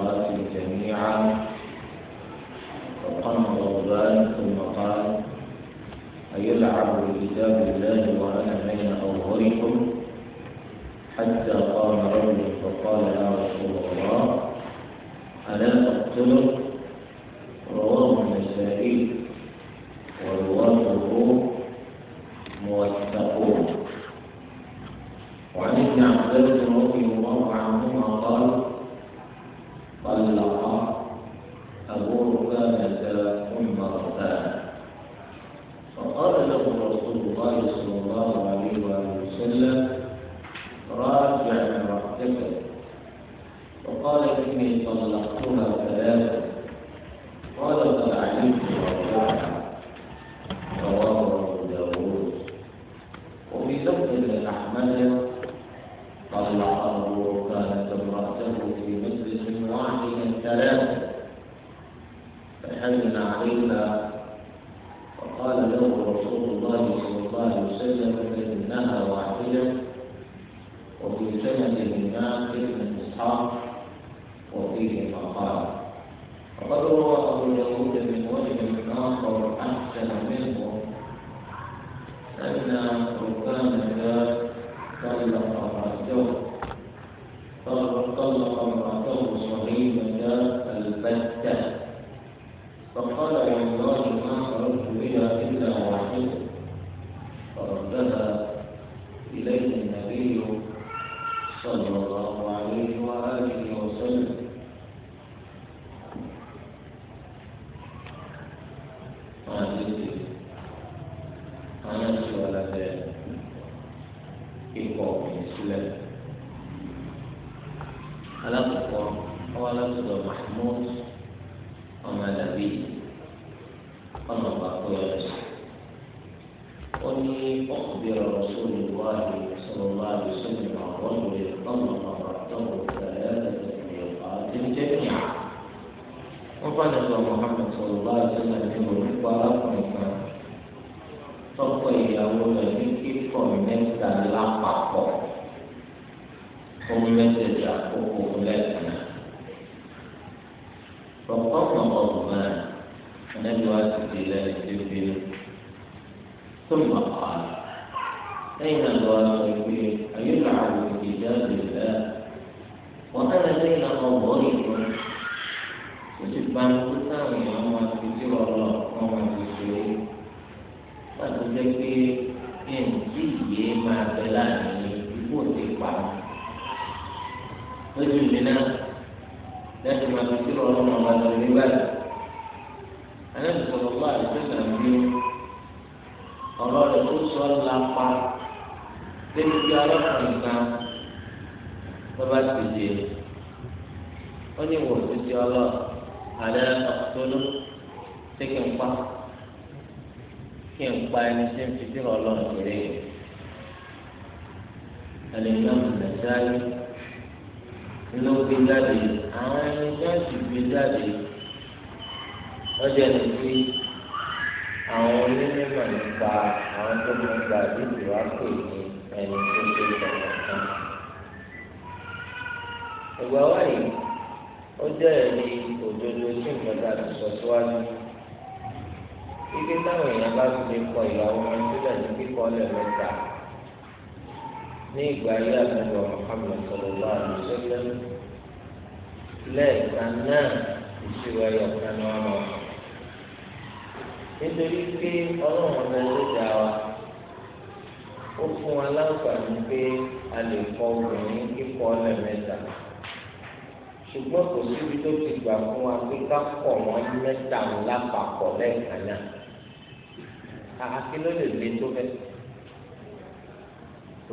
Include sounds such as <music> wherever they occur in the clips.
الصلاة جميعا فقام ضربان ثم قال أيلعب بكتاب الله وأنا بين أظهركم حتى قام رجل فقال يا رسول الله ألا تقتله ànábì Muhammad sallallahu alaihi wasallam ní orúkọ arákùnrin kan tọkọ ìyàwó rẹ̀ ní kíkọ̀ mẹ́ta lápapọ̀ fún mẹ́tẹ̀ẹ̀dì àkókò lẹ́sìn. فقام عثمان النبي واسد إلى الجبل ثم قال أين الواجب أن يلعب بكتاب الله وأنا بين نظرين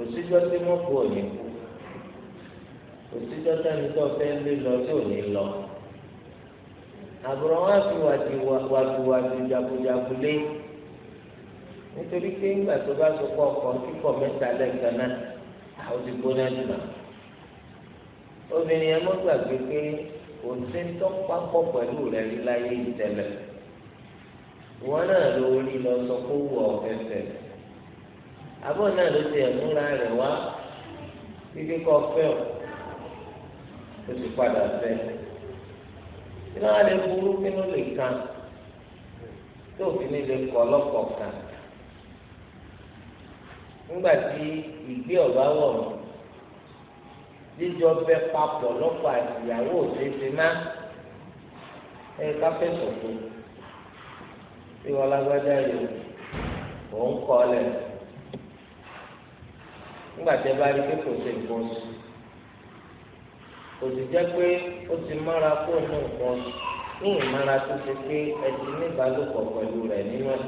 òsíjọ́ tí wọ́n kú òní kú òsíjọ́ tẹ́ni tó fẹ́ lé lọ tí òní lọ àbúrò wọn fi jagunjagun lé nítorí pé ńgbà tó bá náà àwọn ti gbóná obìnrin yẹn gbàgbé pé kò sí àbọ̀ náà ló ti ẹ̀múra rẹ̀ wá kíkí kọ́ fẹ́ o ó ti padà fẹ́ iná lè burú kínú lè kan tó òfin lè kọ́ lọ́kọ̀ kan nígbà tí ìgbé ọ̀bá wọ̀ mọ́ jíjọ bẹ papọ̀ lọ́kọ̀ àtìyàwó òṣèṣe má ẹ káfẹ́ sọ̀tún tí wọn lágbájá yìí òun kọ́ lẹ́nu nígbà tẹ bá rí pé kò sí nǹkan sùn kò sì jẹ́ pé ó ti mára kó nù nǹkan sùn ní ìmára tó ṣe pé ẹ ti ní ìbálòpọ̀ pẹ̀lú rẹ̀ nínú ẹ̀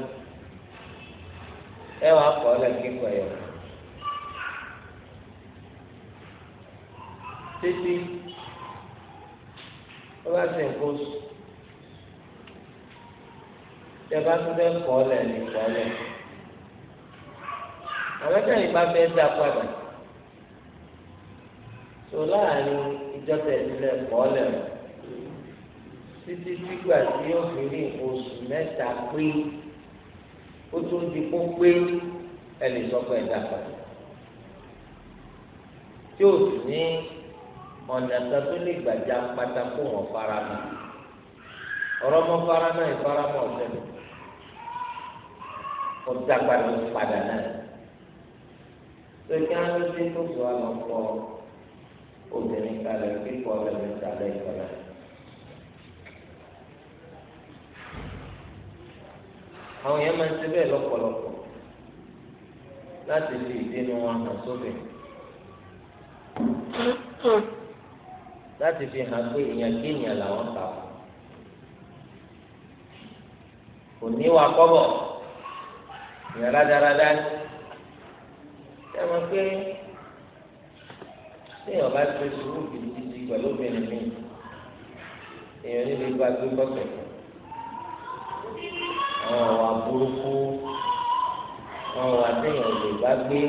ẹ wàá kọ́ ọ́ lẹ́kẹ́kọ̀ọ́ ẹ̀yọ̀ títí ó bá sì ń kó sùn tẹ bá tún fẹ́ kọ́ ọ lẹ̀ ní kọ́ ọ lẹ̀ àmọ́tẹ́ yìí bá fẹ́ dá padà tó láàrin ìjọba ìdílé kọ́ọ̀lẹ̀ mọ́ títí sígbà tí yóò fi rí oṣù mẹ́ta pé ó tún di kó pé ẹ lè sọ pé ẹ dá padà tí ó sì ní ọ̀nà kan tó lè gbàjà pátákó wọn fara mọ́ ọ̀rọ̀ mọ́ fara mọ́ ìfaramọ́ ọ̀sẹ̀ ọ̀dàgbà ló padà náà sèké alóde tó sọ àlọkọ obìnrin kalẹ̀ kíkọ lẹbi kalẹ̀ ìkọlẹ. àwọn yẹn máa ń ṣe bẹ́ẹ̀ lọ́pọ̀lọpọ̀ láti fi ìdínú wọn hàn sóbì láti fi hàn pé èèyàn kéèyàn làwọn kà ó kò ní wa kọ́bọ̀ ìyàrá dáradára ẹ mọ̀ pé téèyàn bá ti sùúrù gidigidi pẹ̀lú obìnrin mi èèyàn nílé gba gbé bọ́sẹ̀ àwọn ọ̀wà burúkú àwọn ọ̀wà téèyàn lè bá gbé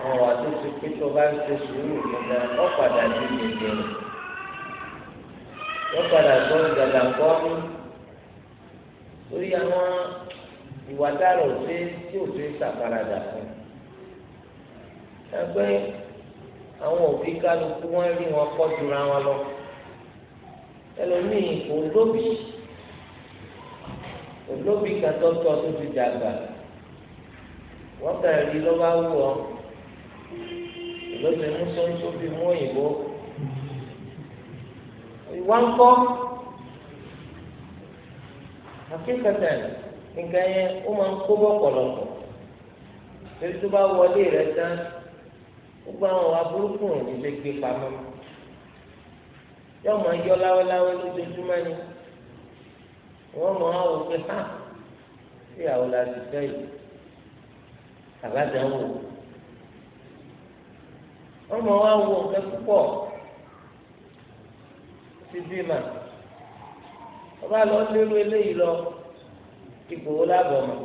àwọn ọ̀wà tó ti pé tó bá ń ṣe sùúrù nígbà ó padà sí gbèsè ó padà gbọ́ ìdàgbà kọ́ mi lórí àwọn ìwà dára òṣè tí òṣè ṣàfaradà fún un dàgbẹ́ yẹn àwọn òbí kálukú wọn rí wọn kọ́ dura wọn lọ ẹlòmíì kò lóbi kò lóbi kàtọ́tọ́ tó ti dàgbà wọ́n kàn rí ló bá wù ọ́ lóbi mú sọ́nsọ́ fi mú òyìnbó ìwà ń kọ́ akíkọ̀tàn nǹkan yẹn ó máa ń kó bọ́ pọ̀lọpọ̀ torí tó bá wọlé rẹ̀ tán gbogbo àwọn ọ̀wá burúkú ò ní lè gbé pamọ́ yọ máa yọ láwéláwé lójoojúmọ́ ni wọ́n mọ àwọn òfin hàn sí àwọn láti fẹ́ yìí àbádánwò wọ́n mọ wá wo nǹkan púpọ̀ sí bímà wọ́n lọ lérú eléyìí lọ ipò lábọ̀ mọ́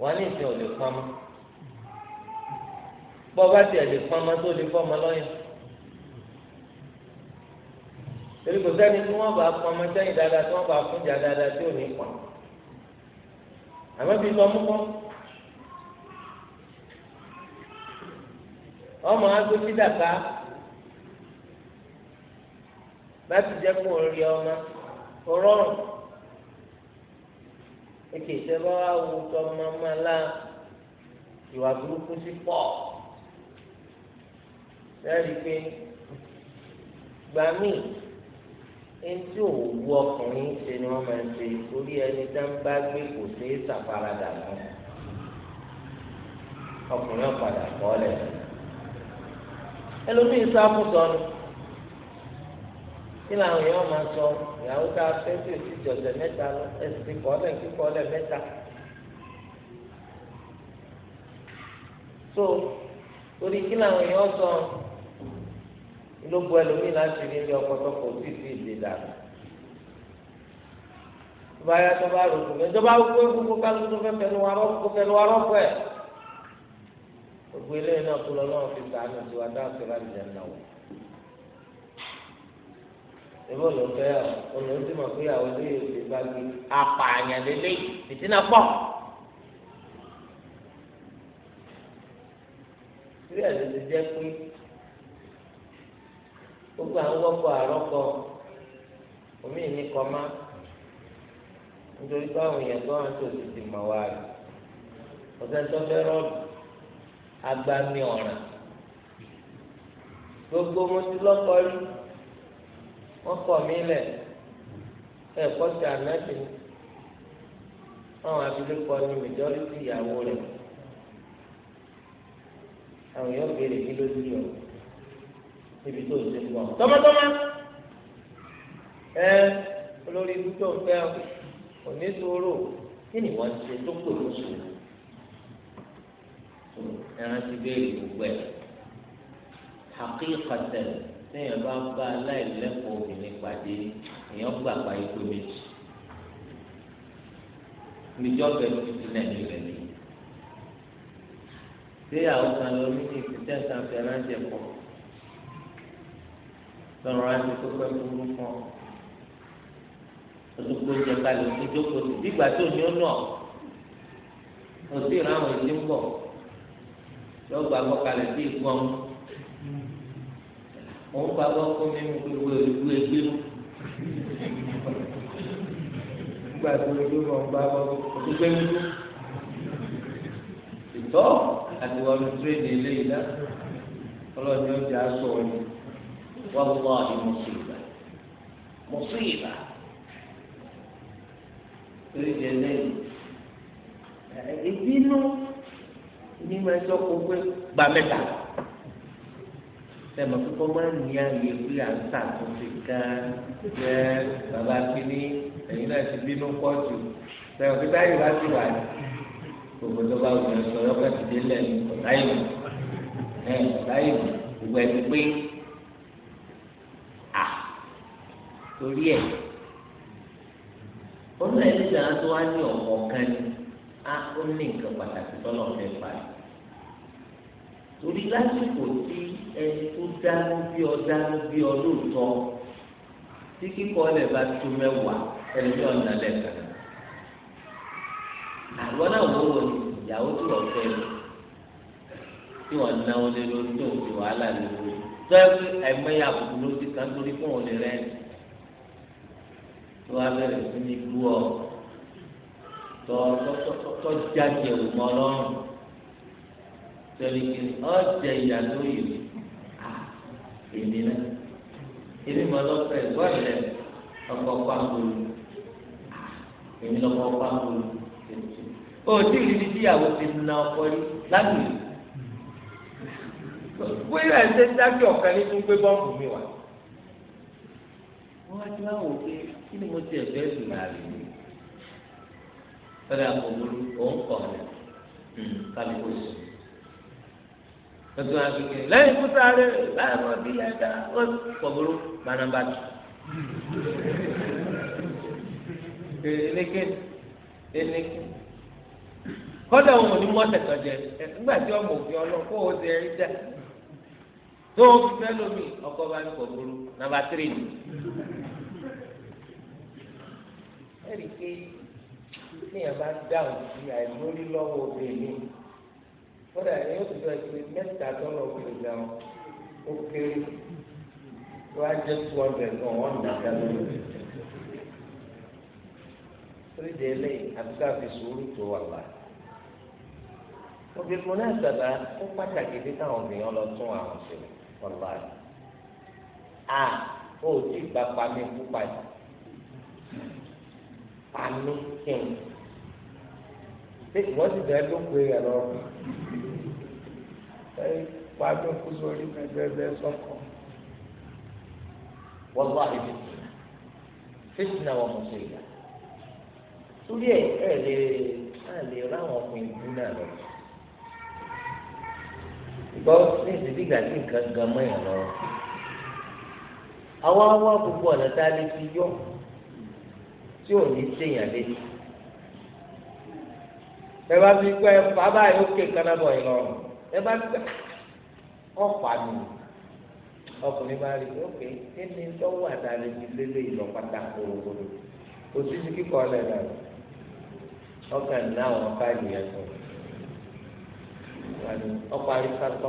wọ́n á ní ìsìn ò pamọ́ bọ́ bá tiẹ̀ lè pọn ọmọ tó lè fọ́ ọmọ lọ́yàn torí kò sẹ́ni tí wọ́n bá pọn ọmọ sẹ́yìn dáadáa tí wọ́n bá fún jà dáadáa tí ò ní pọn àmọ́ bí sọ mú kọ́ ọmọ agbó sídàká láti jẹ́ kó rí ọmọ rọrùn èkè ìṣẹ́ bá wà wù tọ́ ọmọ ọmọ aláà ìwà burúkú sí pọ̀ lẹ́rìí pé gbà míì ẹtí òwú ọkùnrin ṣe ni wọ́n máa ń ṣe torí ẹni tá ń bá gbé kò sí ṣàfaradà mọ́ ọkùnrin ọ̀padà kọ́ lẹ̀ ẹlòmíín sá fún sọnù kí làwọn èèyàn máa sọ ìyàwó ká fẹ́ sí ìsìtì mẹ́ta lọ ẹ̀sìn ti kọ́ kíkọ́ lẹ̀ mẹ́ta. so torí kí làwọn èèyàn sọ. So, ló bu ẹlòmíì láti rí ilé ọkọ tọkọ òbí fi ìdè dànù tó bá yá tó bá rò kùnú ìjọba wípé gbogbo kálukú tó fẹ́ fẹnu wa rọ́pò fẹnu wa rọ́pò ẹ̀ gbogbo eléyìí náà kú lọ́wọ́ fi sàánù sí wa dáhùn sí láti jẹun náà wò ebi olùfẹ́ olùdímọ̀ pé àwọn eléyìí ti bá gbé apààyàn lélẹ́yìí fìtínà pọ̀. sílẹ̀ ló jẹ́ pé gbogbo àwọn wọ́pọ̀ àrọ́kọ omi ìní kọ́má nítorí báwọn èèyàn tó wà tó ti mọ̀ wá rẹ̀ ọ̀sẹ̀ tó fẹ́ agbami ọ̀ràn gbogbo mo ti lọ́kọ rí wọ́n kọ̀ mí lẹ̀ ẹ̀kọ́ ti ànábì àwọn abilékọ ní ìyàwó níbi tó ṣe wọ tọmọtọmọ ẹ olórí ibùdó nfẹ òní sòrò kí ni wọn ṣe tó pè lóṣù ẹran ti béèrè gbogbo ẹ àkíkàtẹ téèyàn bá bá aláìlẹ́kọ̀ọ́ obìnrin pàdé èèyàn gbà pa ikú méjì níjọba ẹni tuntun náà ní ìrẹ̀lẹ̀ ṣé àwọn kan lórí ní ìpínlẹ̀ sanfẹ̀ ránṣẹ́ pọ̀? lọ́rọ̀ rẹ ti kókó ẹ̀kú rú fún ọ. Odúgbò jẹ kalẹ̀ òní jókòó sí bígbà tó ní ó nà ọ́. Òsì ìràwọ̀ ìdí ń bọ̀. Yóò gba bọ́ kalẹ̀ sí ìgbọ́n. Òun gba bọ́ kó mímú gbogbo ìlú ẹgbẹ́ mú. Gbogbo àgbèrè ló mọ̀ ń gba bọ́ gbogbo ẹgbẹ́ mú. Ìtọ́ àti wọlé tírèdì eléyìí náà. Ọlọ́run yóò jẹ́ aṣọ ọ̀nì. والله مصيبة مصيبة torí jẹ lẹ́yìn ìbínú ní ma sọ kó pé gba mẹ́ta sẹ́mi akókò máa ń ní àyè pé à ń sàtúnṣe kan jẹ́ bàbá kínní ẹ̀yin náà ti bínú pọ̀ jù sẹ́mi akókò táyì wá sí wà gbogbo tó bá wù ẹ́ sọ yọ́pẹ́ ti dé lẹ́nu ọ̀táyì ẹ̀ ọ̀táyì gbogbo ẹ̀ ti pé. torí ẹ̀ olóyè nígbà tó wá ní ọ̀pọ̀ kan ni á ó ní nǹkan pàtàkì tọ́lọ̀ fẹ́ fà á torí lásìkò tí ẹni tó dánú bí ọ dánú bí ọ lóòótọ́ tí kíkọ́ ẹ̀ bá tó mẹ́wàá ẹni tó ọ̀nà lẹ́ka àwọn náà wò ó ìyàwó tó lọ fẹ́ tí wọ́n náwó lé lórí tó ń fi wàhálà lórí tó ẹ̀ ẹ̀mẹ́yà àbùkù ló ti kàn torí fún òun lè rẹ́ni tó wá bẹ̀rẹ̀ sí ní lú ọ tọ tọ́jà jẹ òmọ lọ́rùn tẹ̀lé kí ọ̀jẹ̀ ìyá lóye èmi náà èmi mọ̀ lọ́fẹ̀ ẹ̀gbọ́n ìlẹ̀ ọkọ̀ pàǹgòlù èmi lọ́kọ̀ pàǹgòlù o tí ì rí tíyàwó ti na ọkọ rí lágbègbè bóyá ẹ̀ ṣe dájú ọ̀kan nínú gbé bọ́ǹbù mi wá wọ́n wá ti láwọn òkè kí ni mo ti ẹ̀fẹ́ sùn láàbì mi fẹ́rẹ́ àkọ́bùrú òun kọ̀ ọ́ kálí kò sùn. Tuntun akéke lẹ́yìn kú sáré láì mọ̀ bí ẹ̀dá ó kọ̀bùrú gbanabàtú. Eléke eléke kọ́dà òun ò ní mọ́ tẹ̀tọ̀ jẹ nígbà tí ọmọ òfin ọlọ́run kó o ti ẹ̀rí dá tó o fẹ́ lómi ọkọ̀ bá ní kọ̀bùrú nàbà tírì ni ẹ̀rí pé níyàn bá dáhùn sí àìlórí lọ́wọ́ obìnrin kódà ẹ̀yìn ó ti sọ pé mẹ́ta dọ́là obìnrin gan ó kéré tó á jẹ́ two hundred náà wọ́n nà dá lórí. oríṣi eléyìí àti ká fi sùúrù tó wà bá. obìnrin mo náà sábà ó pàtàkì bí káwọn obìnrin lọ tún àwọn ṣe wọ́n a. a ó ti gbapá mi púpà yìí àmì kìn ṣé ìwọ́n ti bẹ́ẹ̀ ló pe ẹ̀ lọ ẹ pàdé òkú sórí ẹgbẹ́ sọ́kọ̀ wọ́n bá ibi fitna wa musiba torí ẹ ẹ lè ẹ lè ráwọn ọkùnrin bú náà lọ gbọ́ ní ìdílé ìgbà tí nǹkan gan mọ́ ẹ̀ lọ àwa wá gbogbo ọ̀nà tá a lè fi yọ. tí ò ní séèyàn létí ẹ bá fi gbọ́ ẹ fà báyìí ó ké kánábọ̀ yìí lọ ẹ bá gbọ́ ọ̀pá mi ọkùnrin bá rí i ókè kí ni lọ́wọ́ àdáni ti lélẹ̀ ìlọ pátá kòròkòrò kò sí kíkọ́ ọ̀lẹ̀ náà ọkàn ní àwọn fáìlì yẹn tó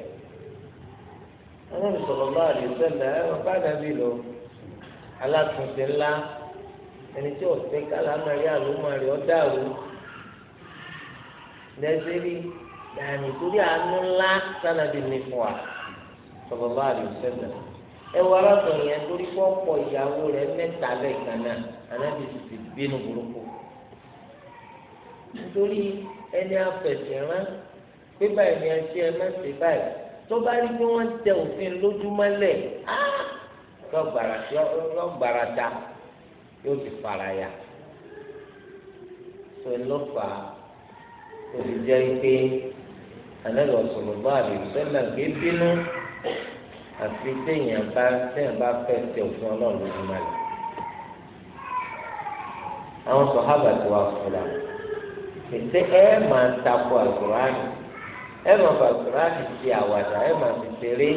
ẹlẹ́ni sọ̀rọ̀ bá àdé sẹ́lẹ̀ ẹ̀rọ bá dàbí lọ alátúnṣe ńlá ẹni tí ọ̀sẹ̀ kálámàrí àlùmọ̀rì ọ̀dàrú lẹ́sẹ̀rí dàní torí àánú ńlá sànàbí ní fún wa sọ̀rọ̀ bá àdé sẹ́lẹ̀ ẹwọ arákùnrin yẹn torí pọ́pọ̀ ìyàwó rẹ̀ mẹ́ta lẹ́ẹ̀kan náà anábì sì ti bínú burúkú nítorí ẹni afẹ̀sẹ̀ rán pé báyìí ni ẹ ṣe ẹ má ṣe báyìí tó bá rí pé wọ́n tẹ òfin lójúmọ́lẹ̀ yọ ah, gbàràtà yóò ti fara ya tó ló fà á tó fi jẹ́ pé ànábì sallallahu alaihi wasallam gbé bínú àfi téèyàn bá téèyàn bá fẹ́ tẹ òfin ọlọ́run lójúmọ́lẹ̀ àwọn sọ̀hábà ti wá fúnra ètè ẹ̀ máa ń takò àgùrá yìí ẹ máa fà kúránì ti àwàdà ẹ máa fi ṣeré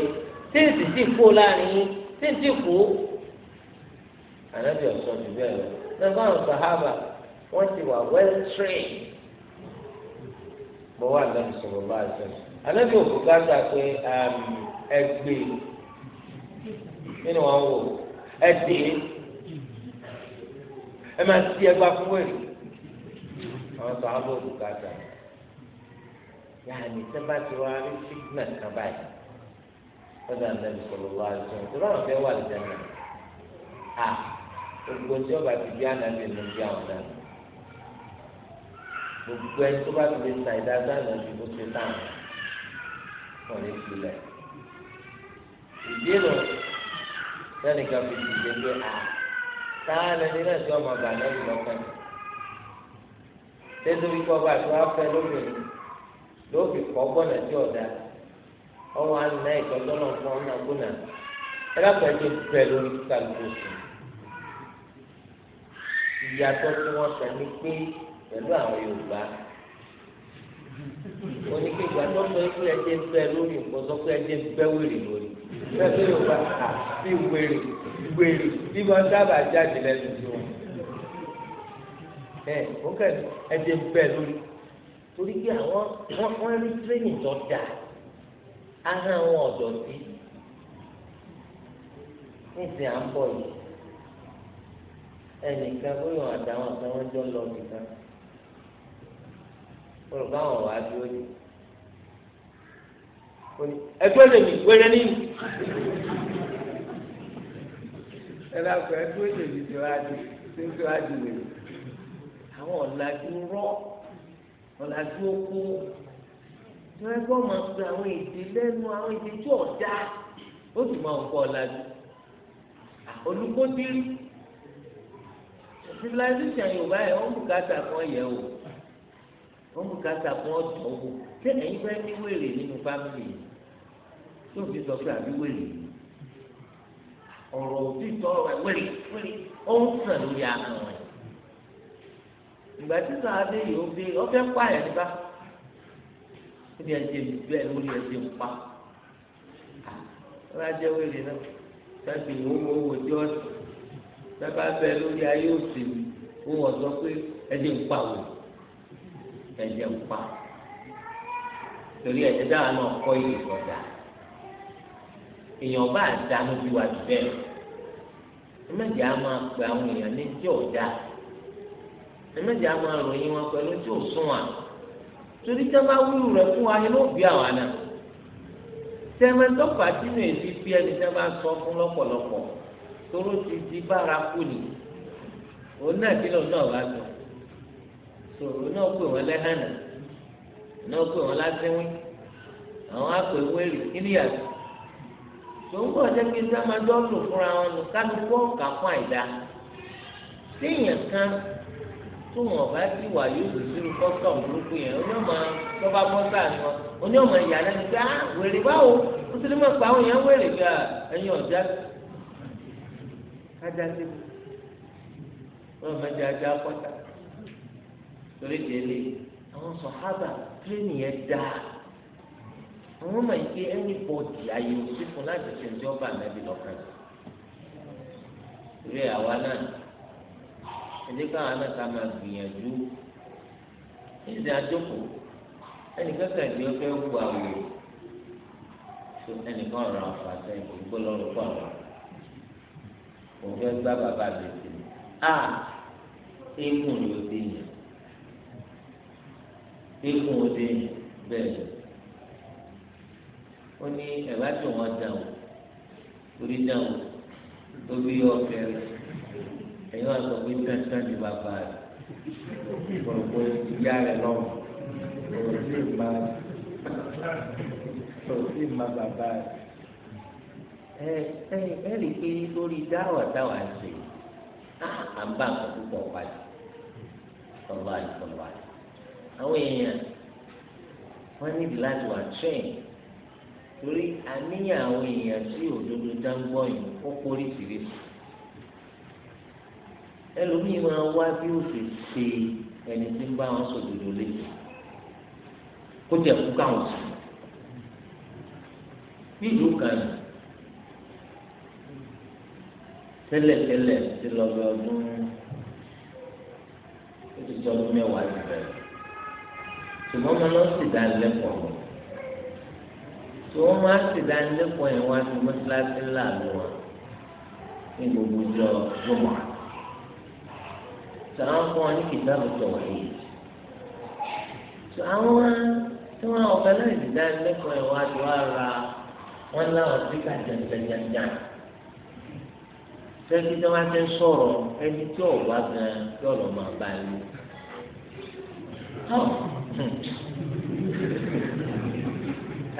tí n sì ti kó láàrin yín tí n ti kú. ànábì ọ̀sán ti bẹ́ẹ̀ lọ nígbà wọn sàhábà wọ́n ti wà well trained. mo wà lẹ́nu sọ̀rọ̀ bá a sọ. ànábì òkú gáàsà pé um, ẹgbẹ́ nínú wọn wò ẹ dé ẹ máa ti ẹgbàá fún wẹ̀rẹ̀ àwọn sàhábà òkú gáàsà yàrá tí bá ti wá rí sígínà kan báyìí lọ́dọ̀ àdàbí sọ̀rọ̀ wá sí ọ̀hún tó bá wọn fẹ́ wà lẹ́dẹ̀ náà à gbogbo tí ọba ti bí ànábì ló bí àwọn náà gbogbo ẹni tó bá ti lè ta ìdájọ́ ànábì ló ti tà wọn lè filẹ̀ ìdílò sẹ́nìkan fi ti dé pé à táà lẹ́ni náà tí ọmọ bàbá náà lọ́kàn tẹ́tọ́ wípé ọba àti wọn fẹ́ lóbìnrin yóò fi kọ́ gbọ́nà tí ọ̀dà ọwọ́ àná ìtọ́jọ́ náà fún ọ̀nà gbọ́nà ẹlẹ́pẹ̀jọ bẹ̀ lórí kálukú sùn. ìyàtọ̀ tí wọ́n sọ ní pé pẹ̀lú àwọn Yorùbá oníkéjì àtọ́sọ ikú ẹ̀jẹ̀ ń bẹ́ lórí nǹkan sọ pé ẹ̀jẹ̀ ń bẹ́ wèrè lórí bẹ́ẹ̀ tó Yorùbá kà wèrè wèrè bí wọ́n dábàá jáde lẹ́nu tí wọ́n. ẹ̀ ó kẹ́ ẹ̀jẹ̀ ń bẹ́ lórí torí pé àwọn wọ́n rí training tó dáa ahọ́n àwọn ọ̀dọ́ sí nísìnyí à ń bọ̀ yìí ẹnìkan bóyá àtàwọn kan wọ́n jọ lọ nìkan olùkọ́ àwọn wàá dúró ní ẹjọ́ lèmi wẹ́rẹ́ ní ẹ̀rọ ẹjọ́ lèmi tí wàá di tí wàá di lèmi àwọn ọ̀làjú rọ́ọ̀ ọ̀làjú oko tí wọ́n gbọ́ máa pe àwọn èdè lẹ́nu àwọn èdè tí ọ̀dá ó sì máa ń kọ́ ọ̀làjú olùkọ́dírí civilization yorùbá yẹn wọ́n bùkátà kan yẹ o wọ́n bùkátà kan ọ̀tọ̀ o ṣé ẹ̀yin fẹ́ ní wèrè nínú fámìlì yìí tó fi sọ pé àbí wèrè ọ̀rọ̀ òtítọ́ ọ̀rọ̀ wèrè wèrè ó ń sàn lórí ahọ́n ìgbà tí sàn adé yìí ó ya ọfẹ pa ẹ nípa ó di ẹjẹ mi bẹ́ẹ̀ lórí ẹjẹ mi pa ọlá jẹ wẹrẹ náà tẹbi owó owó jọ lórí ayé pé ẹjẹ pa wò ẹjẹ pa torí ẹjẹ dáhà náà kọ èèyàn bá dánú bí wàá mẹjẹ á máa àwọn èèyàn ní tí ò dáa. ẹ̀mẹ́jẹ̀ á máa ròyìn wọn pẹ̀lú tí ò sún wa torí tí wọ́n bá wúlò rẹ̀ fún wa inú òbí àwa náà tẹ́mẹ́tọ́fà sínú èsì bí ẹni tí bá sọ fún lọ́pọ̀lọpọ̀ toró ti di bárakú ni òun náà kí lóun náà wá sọ so òun náà pè wọ́n lẹ́hànà òun náà pè wọ́n lásìwín àwọn àpè wẹ́rì kí ni yàtọ̀ tòun bọ̀ jẹ́ kí sámadọ́ọ̀lù fúnra wọn nù kálukú ọ̀kà fún àìdá téèyàn kan tó wọn bá ti wà yóò lè sírú kọ́sọ̀m burúkú yẹn onímọ̀ tọ́ba bọ́sà ni wọn onímọ̀ ìyàlẹ́ ni pé ah wèrè báwo mùsùlùmí pa àwọn èèyàn wèrè gbà ah, ẹ̀yin ọ̀já kájà sí wọn mọ jẹ ajá pọ́tà torí délé àwọn sọ̀hábà tírénì yẹn dáa àwọn ọmọ yìí pé ẹni bọ́ọ̀dì ayé òsì fún láti ṣèjọba nàbì lọ́kàn rẹ̀ àwa náà ẹdí káwọn náà ká máa gbìyànjú ẹsẹ àjọpọ̀ ẹnìkan kàdé ọfẹ wù àwòrán tó ẹnìkan ọ̀rọ̀ àwọn àti ìgbó lọ́rùn pọ̀ àwọn òfẹ gbá bàbá bèbè a éèmù ni ó dé yẹn éèmù ó dé yẹn bẹ́ẹ̀ ó ní ẹ̀ bá tó wọn dáhùn torí dáhùn tó bí ọ̀fẹ́ rẹ̀ ẹ̀yin wà sọ pé tẹ́tẹ́ ni bàbá rẹ̀ gbogbo ìyá rẹ̀ lọ́wọ́ kò sí ma kò sí ma bàbá rẹ̀ ẹ ẹ rí i pé lórí dáwà dáwà ṣe à ń bá nǹkan púpọ̀ wáyé sọlá ìsọlá àwọn èèyàn wọ́n níbi láti wà train torí àníyàn àwọn èèyàn sí òdodo dáńgbọ́yìn ó pórí sírísì ẹlòmíì máa wá bí ó sì ṣe ẹni tí ń bá wọn sòdodo létí kó jẹ kú káwọn sí bí ìlú kan tẹ́lẹ̀tẹ́lẹ̀ ti lọ bí ọdún ó ti jọ ọdún mẹ́wàá ti bẹ̀rẹ̀ ṣùgbọ́n mo lọ sí ìdánilẹ́kọ̀ọ́ mi tí wọ́n máa sì dánilẹ́kọ̀ọ́ yẹn wá sí mọ́tíláṣí ńlá mi ní gbogbo ìjọ gbọ́mọ̀ sọ àwọn fún wọn ní kìtàbù tawhid sọ àwọn tí wọn ọ̀gá náà ìdílé lẹ́kọ̀ọ́ ìwádìí wa ra wọn láwọn síkà jẹjẹrẹjẹrẹ sẹ́ni tí wọ́n ti ń sọ̀rọ̀ ẹni tí ò wá gan tí ọ̀nà máa bá a lò.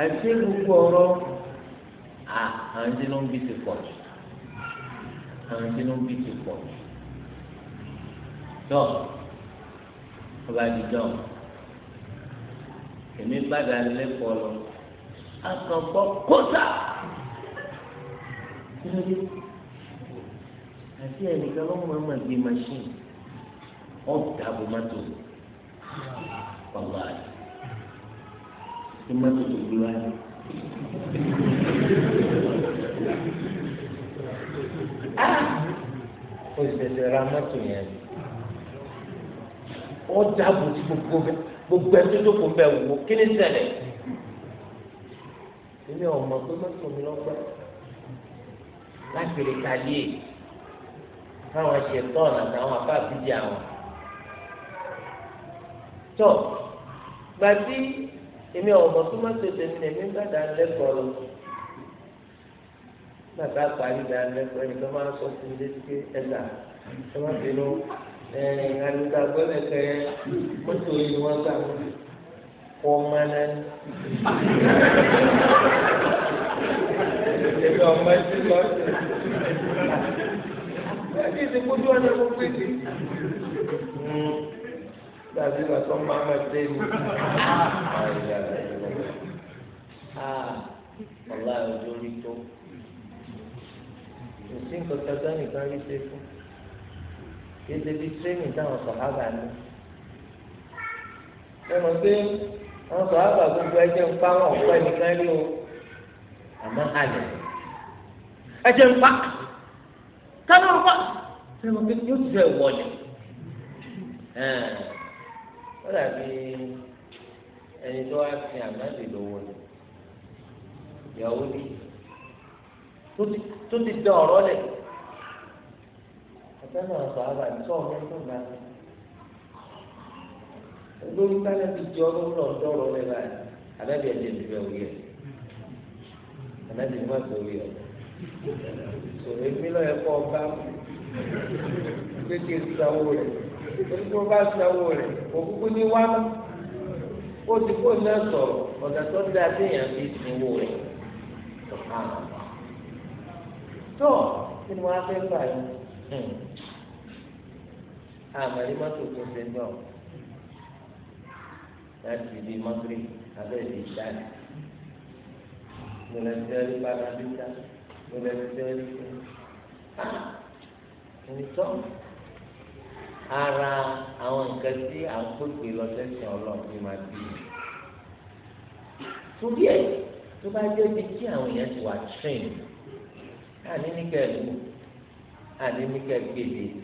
àti gbogbo ọ̀rọ̀ àwọn tí ló ń bí ti pọ̀ jù àwọn tí ló ń bí ti pọ̀ jù tọ́ ọba àdìjọ́ èmi gbàdá lẹ́kọ̀ọ́ lọ akọ̀gbọ́ kọ́tà àti ẹnìkan ló máa ma gbé machine ọ̀dà bòmátò ọ̀gbà bòmátò tó gbé wáyé. Ah! ó sì ṣẹ̀ṣẹ̀ ra mọ́tò yẹn ọjà àbòtí gbogbo bẹ gbogbo ẹtú tó kò bẹ wò kí ni ṣẹlẹ̀ ilé ọmọ pé mọ́tò mi lọgbà láti lè kàlíè káwọn ṣe tọ́ọ̀nù àtàwọn àbá àbíjì àwọn tọ gbàtí èmi ọmọ tó mọ́tò tèmi lèmi gbàdá lẹ́kọ̀ọ́ lọ bàbá àgbà yìí dá lẹ́kọ̀ọ́ ẹni tó máa ń sọ fún mi létí pé ẹ gbà ẹ má bínú àlùkò àgbẹ̀mẹ̀kẹ́ mọ́tò yìí ni wọ́n gbà kọ́ ọmọ náà ẹbí ọmọ ẹtí lọ sí ẹbí ìsìnkúndú ọ̀nà gbogbo èdè dàbí bàtọ́ máa ma dé mi ọ̀la ọjọ́ orí tó kò sí nǹkan kan sánìkan rí ṣe fún kéde bíi tírénì táwọn sọ̀hábà ní. lẹ́nu pé àwọn sọ̀hábà gbogbo ẹjẹ́ ń pa wọn ọ̀pọ̀ ẹnìkan rí o àmọ́ àlẹ́ ẹjẹ́ ń pa kánú ń pa lẹ́nu pé yóò ti fẹ́ wọlé ó dàbí ẹni tó wá sí àmàlè lówó ni ìyàwó ni tó ti dán ọ̀rọ̀ lẹ̀ sẹ́nu ọ̀sán àgbà tí ọ̀rọ̀ tó ga sí. olórí kálẹ̀ ti jẹ́ ọlọ́run náà dọ́rọ̀ rẹ̀ báyìí àbẹ́bí ẹ̀jẹ̀ ti bẹ̀ wúyẹ̀ àbẹ́bí má tó wúyẹ̀ sọ̀rọ̀ èmi lọ́ọ́ ẹ̀kọ́ ọba kékeré sanwó rẹ̀ torí pé ó bá sanwó rẹ̀ òkúkú ní wá ó ti kó náà sọ̀rọ̀ ọ̀dà tó dáa téèyàn fi sanwó rẹ̀ tó kí ni wọ́n á fẹ́ fà yín. Hmm àmàlí mọ́tò tó ṣe ń bọ̀ láti ibi mọ́tòrì abẹ́ ìdí ìdáni lọ́lẹ́sẹ̀rí paramita lọ́lẹ́sẹ̀rí nítọ́ ara àwọn nǹkan tí à ń pèpè lọ sẹ́sìn ọlọ́run ni màá bí i torí ẹ̀ tó bá jẹ́ bí kí àwọn èèyàn ti wà tírìn àní ní kẹ́ẹ̀lú àní ní kẹ́ẹ̀gbèdè.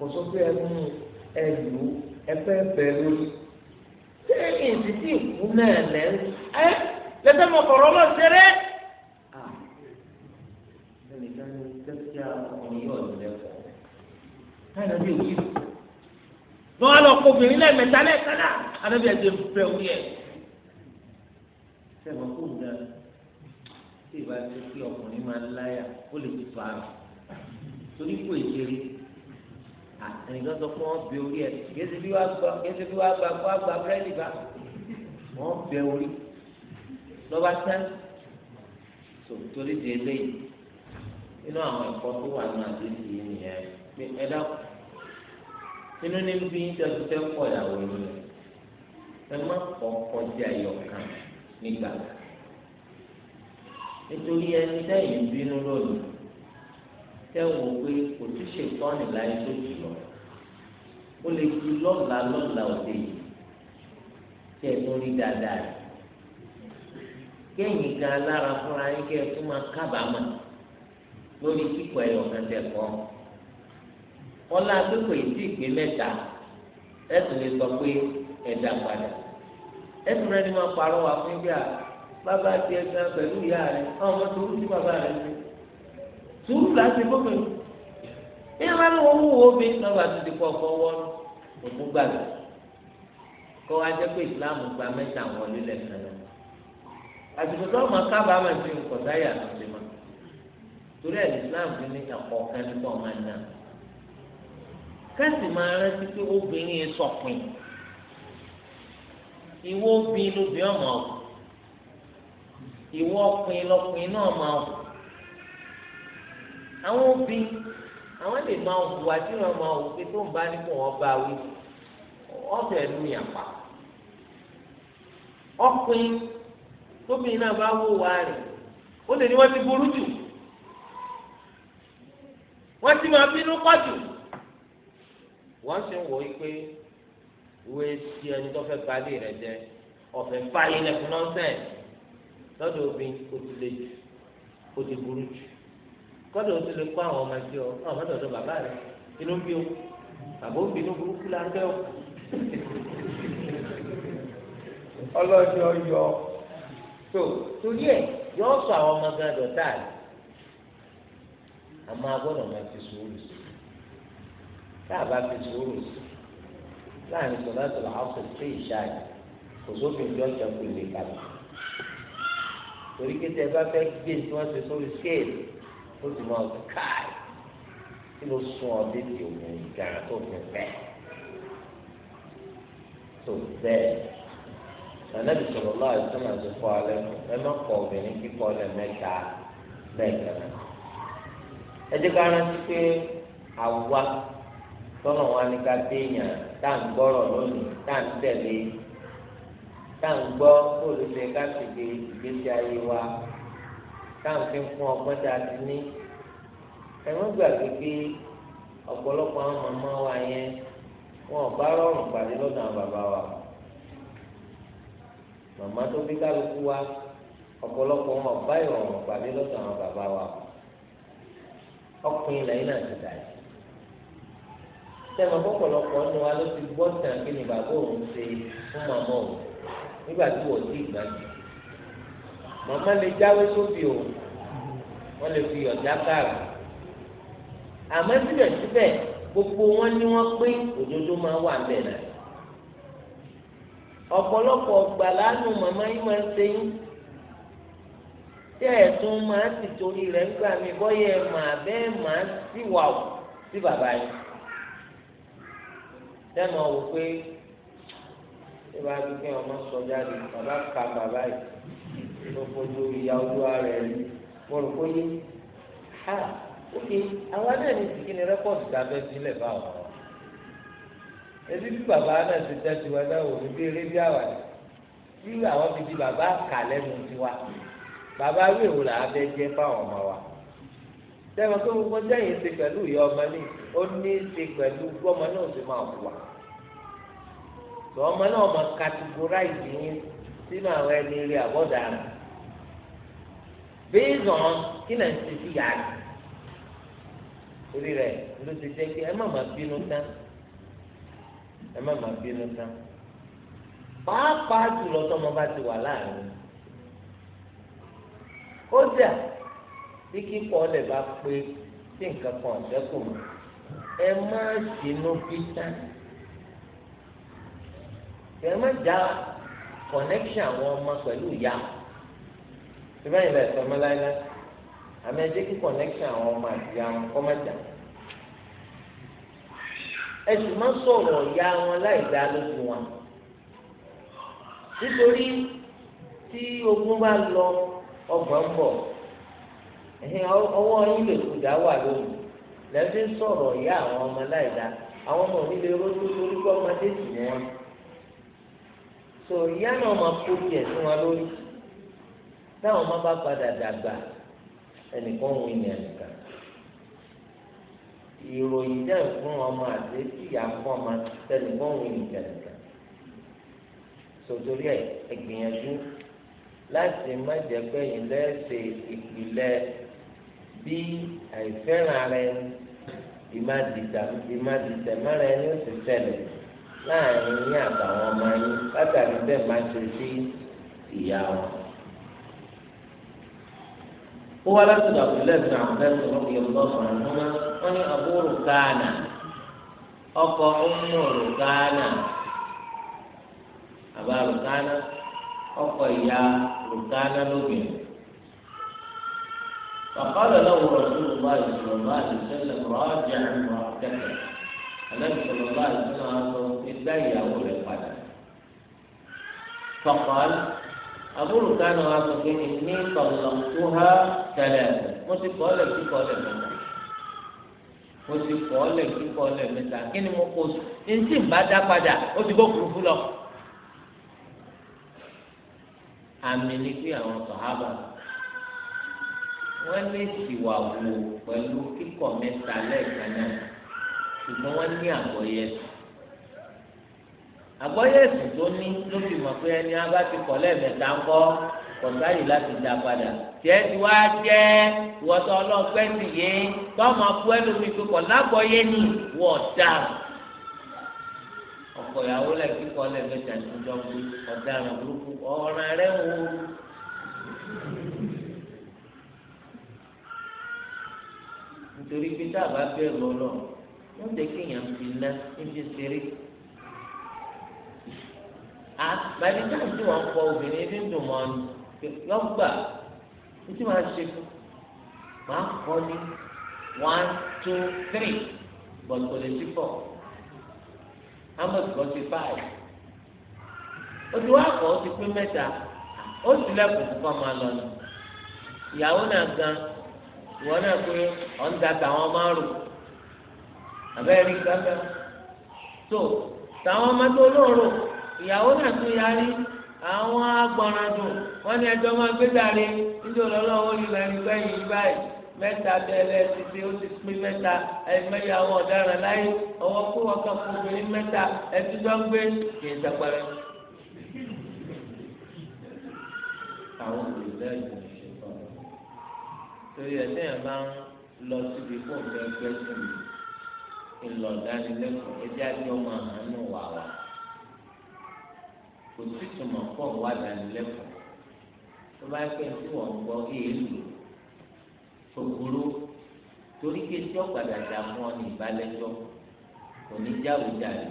kò sọ pé ẹ mú ẹ lù ú ẹ fẹ́ bẹ̀rù ṣé èsì tí ìkú náà lẹ́ ń ẹ lẹ́sẹ̀ mọ̀ kọ̀rọ̀ lọ ṣeré. ẹnìkan ní tẹ́síà ọkùnrin yóò lẹ̀ fọ́ káyọ̀ bí òkè wọn á lọ kó obìnrin lẹ́ẹ̀mẹ́ta lẹ́ẹ̀kan náà àdébí ẹ̀ fẹ́ orí ẹ̀. sẹ́wọ̀n kò ń dá tí ìbá ti fi ọkùnrin máa láyà ó lè ti fa àrùn torí kò ìṣeré ẹnìkan sọ fún wọn bẹ orí ẹ kéésì bí wàá gba kéésì bí wàá gba kó wàá gba búrẹ́dì bá wọn bẹ orí lọ́ba tán torí di eléyìí nínú àwọn ẹ̀kọ́ tó wà ní àdéhùn yìí nìyẹn pé ẹ dákú nínú ní bí ìjọba fẹ́ pọ̀ ìyàwó yìí ẹ má kọ́ kọjá ẹ̀yọ̀kan nígbà nítorí ẹni sẹ́yìn bínú lónìí tẹ́wọ̀n pé kò tí ṣe tọ́ni láyé tó jù lọ ó lè fi lọ́la lọ́la òde yìí tí ẹ tó rí dáadáa rẹ̀ kéyìn ga lára fúnra yín kí ẹ tún máa kábàámà lórí kíkọ̀ ẹ̀yọ̀ kan tẹ̀ kọ́ ọlá akẹ́kọ̀ọ́ yìí tí ìpín mẹ́ta ẹ tún lè sọ pé ẹ̀dá padà ẹ tún rẹ́ni máa parọ́ wa fún bí a bàbá tiẹ̀ gan pẹ̀lú ìyá rẹ̀ ọmọ tó ń tí bàbá rẹ̀ ṣe. sùúrù la ń ṣe fún mi ìyá máa ń lọ wọ́n wò ó bí k'o tó ti òkú gbàgbé pé gba mẹ́ta àwọn lílẹ̀ kan náà tó ọmọ kábàámà ti ń kọ̀ tó ti mọ́ torí ẹ̀ ìsìláàmù ti ní ẹ̀kọ́ kan ní máa ń náà máa rántí pé obìnrin yẹn sọ̀pin ìwọ obìnrin lóbi ọmọ ìwọ náà àwọn obìnrin àwọn lè máa hùwà tí wọn máa hù pé tó ń bá nípò wọn bá wí ọ̀fẹ́ ló yàn pa ọkùnrin tóbìnrin náà bá wò wá rẹ ó lè ní wọn ti burú jù wọn ti máa bínú pọ̀ jù wọn sì ń wọ yí pé ìwé ti ẹni tó fẹ́ balẹ rẹ jẹ ọ̀fẹ́ fàyè lẹkùn nọnsẹǹsì lọ́dọ̀ obìnrin ó ti lè jù ó ti burú jù kọ́dọ̀ ó ti lè kó àwọn ọmọ ẹtì ọ náà má dọ̀dọ̀ bàbá rẹ inú bí o bàbá òbí inú burúkú la ń bẹ́ o. ọlọ́jọ́ yọ tó torí ẹ̀ yọ sọ àwọn ọmọ gan dọ̀tà rẹ̀ àmọ́ agbọ́dọ̀ máa fi sùúrù sí tá a bá fi sùúrù sí láàrin sọ̀rọ̀ àti làásù sí ìṣá yìí kò sófin ìjọ ìjọba ìlú kalẹ̀ torí kí tẹ bá fẹ́ gbé tí wọ́n ti sórí scale. ó sì máa fi káì kí ló sún ọ débi òmìnir ìgbàrà tó fi fẹ́ tó bẹ́ẹ̀ nànàbì sọ̀rọ̀ lọ́wọ́ àti sọ́nà tó kọ́ alẹ́ ẹ má kọ obìnrin kíkọ́ ọlẹ́ mẹ́ta bẹ́ẹ̀ gẹ̀rẹ́ ẹ jẹ́ ká rántí pé àwa tọ́nà wa ni ká déèyàn tá à ń gbọ́rọ̀ lónìí táwọn fi ń fún ọgbọ́n tá a ti ní ẹ̀wọ́n gbàgbé pé ọ̀pọ̀lọpọ̀ àwọn màmá wa yẹn wọn ò bá rọrùn pàdé lọ́dọ̀ àwọn bàbá wa màmá tó bí kálukú wa ọ̀pọ̀lọpọ̀ wọn ò bá ìrọ̀rùn pàdé lọ́dọ̀ àwọn bàbá wa ọkùnrin lẹ́yìn náà ti dà yìí sẹ́nu ọ̀pọ̀lọpọ̀ nu wa ló ti gbọ́ tàn kí ni bàbá òun ṣe fún màmá òun nígbà tí wọ́n ti gbàgbé màmá lè jáwé sóbì o wọ́n lè fi ọ̀já kàrà àmọ́ síbẹ̀síbẹ̀ gbogbo wọn ni wọ́n pé òdodo máa wà ń bẹ̀ náà ọ̀pọ̀lọpọ̀ ọgbà lánàá màmá yìí máa ń ṣe yín tí ẹ̀sùn máa sì torí rẹ̀ ń gbà mí bọ́yẹ̀ màá bẹ́ẹ̀ máa sì wà ó sí bàbá yìí tẹ́nu ọ̀wọ́ pé ìbá dúkìá ọmọ sọ jáde bàbá ka bàbá yìí. tó fojú ya olúwa rẹ̀ rí wọ́n rò yé ha ókè àwa náà ní ti kíni rẹ́pọ̀tù dábẹ́ sílẹ̀ báwọn ẹbí bí bàbá náà ti dá tiwa náà wò eré bí àwọn di bàbá kà tiwa bàbá rí èwo wa gbogbo pẹ̀lú ìyá ọmọ ní ó ní pẹ̀lú gbọ́mọ náà máa wù wá ọmọ náà sínú àwọn bẹ́ẹ̀sán kí náà ń ṣe sí ìyá rẹ̀ orí rẹ̀ ló ti jẹ́ pé ẹ má má bínú tán ẹ má má bínú tán pàápàá jùlọ tọmọ bá ti wà láàrin ó dà bí kíkọ́ ọ̀lẹ̀ bá pé tí nǹkan kan ọ̀sẹ́kù mọ́ ẹ má sínú bí tán ẹ má já connection àwọn ọmọ pẹ̀lú ìyá sibẹ́yìn lẹ̀ sọmọ láyé àmì ẹ̀jẹ̀ kí connection àwọn ọmọ àti àwọn kọ́mọ̀jà ẹ sì máa sọ̀rọ̀ ìyá wọn láì dá lójú wọn nítorí tí ogun bá lọ ọgbọ̀n bọ̀ ọwọ́ yín lè kúdà wà lónìí lẹ́bí sọ̀rọ̀ ìyá àwọn ọmọ láì dá àwọn ọmọ mi lè rójú lórí kọ́ ọmọdé sì ni wọn. sọ ìyá náà máa kó tiẹ̀ sí wọn lórí táwọn ọmọ bá padà dàgbà ẹnìkan ń wíyàn nìkan ìròyìn dẹ̀ fún ọmọ àti ìyá fún ọmọ ẹnìkan ń wíyàn nìkan sotori ẹ ẹgbìyànjú láti má jẹ́ pé yìí lẹ́sẹ̀ ìpìlẹ̀ bí àìfẹ́ràn rẹ ìmádìtẹ̀mọ́ra ẹni ó sì ṣẹlẹ̀ láàrin yín àtàwọn ọmọ yín látàrí bẹ́ẹ̀ má ṣe sí ìyá wọn. هو لا عبد الله بن عباس رضي الله عنهما وانا أبو ركانا أقا أم ركانا أبا ركانا أقا يا ركانا لبن فقال له رسول الله صلى الله عليه وسلم راجع امرأتك النبي صلى الله عليه وسلم قال له لا يا ابو فقال àbúrò kánò wa sọ pé ní tọ̀lọ̀ tó há tẹ̀lẹ̀ mo ti kọ́ lẹ̀ kíkọ́ lẹ̀ mẹ́ta mo ti kọ́ lẹ̀ kíkọ́ lẹ̀ mẹ́ta kí ni mo kó sùn ntí n bá dá padà ó ti bọ́ kúrúfú lọ. àmì ni pé àwọn sọ̀hábà wọ́n lè ṣìwà wò pẹ̀lú kíkọ́ mẹ́ta lẹ́ẹ̀kan náà ṣùgbọ́n wọ́n ní àgbọ̀yẹ̀sì àgbọ́yẹ̀sì tó ní ló fi mọ̀ pé ẹni abá ti kọ̀ lẹ́ẹ̀mẹ́ta ń kọ́ kọ̀ǹgáyì láti dá padà tiẹ̀ ti wá jẹ́ ìwọ́sọ ọlọ́pẹ́ sì yé tọ́mọ akú ẹlòmí pé kọ̀ lágbọ́yé ni wọ́n dà ọkọ̀ ìyàwó lẹ̀ kíkọ́ lẹ́ẹ̀mẹ́ta ti jọ pé ọ̀daràn burúkú ọ̀ràn rẹ̀ wò ó. nítorí pé tá a bá bẹ̀rù ọlọ́run wọ́n jẹ́ kéèyàn fi ná níbi ṣeré à bàbí táwọn tí wọ́n kọ obìnrin ebi ń dùn mọ́ ni lọ́gbà títí máa ṣe fún máa kọ́ ní one two three but kò lè sí four amos kò sí five ojú wa kọ́ ó ti pín mẹ́ta ó sì lẹ́kùn kọ́ máa lọ ni ìyàwó náà gan ìwọ náà pé ọ̀ǹda tàwọn márùn abẹ́rẹ́ rí gbàgbà tó tàwọn ọmọdé olóòrò ìyàwó náà tún yarí àwọn agbọ̀nrànjò wọn ní ẹjọ́ máa gbé dàrí níjọ́ lọ́lọ́wọ́ lílẹ̀ nígbà yìí báyìí mẹ́ta bẹ́ẹ̀lẹ́ ti ṣe ó ti pín mẹ́ta ẹ̀mẹ́yà àwọn ọ̀daràn láyé ọwọ́ kó wọn kàn fún obìnrin mẹ́ta ẹtújọ́ ń gbé kì í sàpẹrẹ. àwọn olùdílé ìgbìmọ̀ ṣe fún ọ torí ẹ̀ máa ń lọ síbi fún ọ̀gá sí mi ńlọ kò sí tùmọ̀ pọ̀ wá dánilẹ́kọ̀ọ́ tó bá pẹ́ tí wọ́n gbọ́ èèlò kòkòrò torí kéjọ́ gbàdàdà fún ọ ní ìbálẹ́jọ́ òní jáwéjáde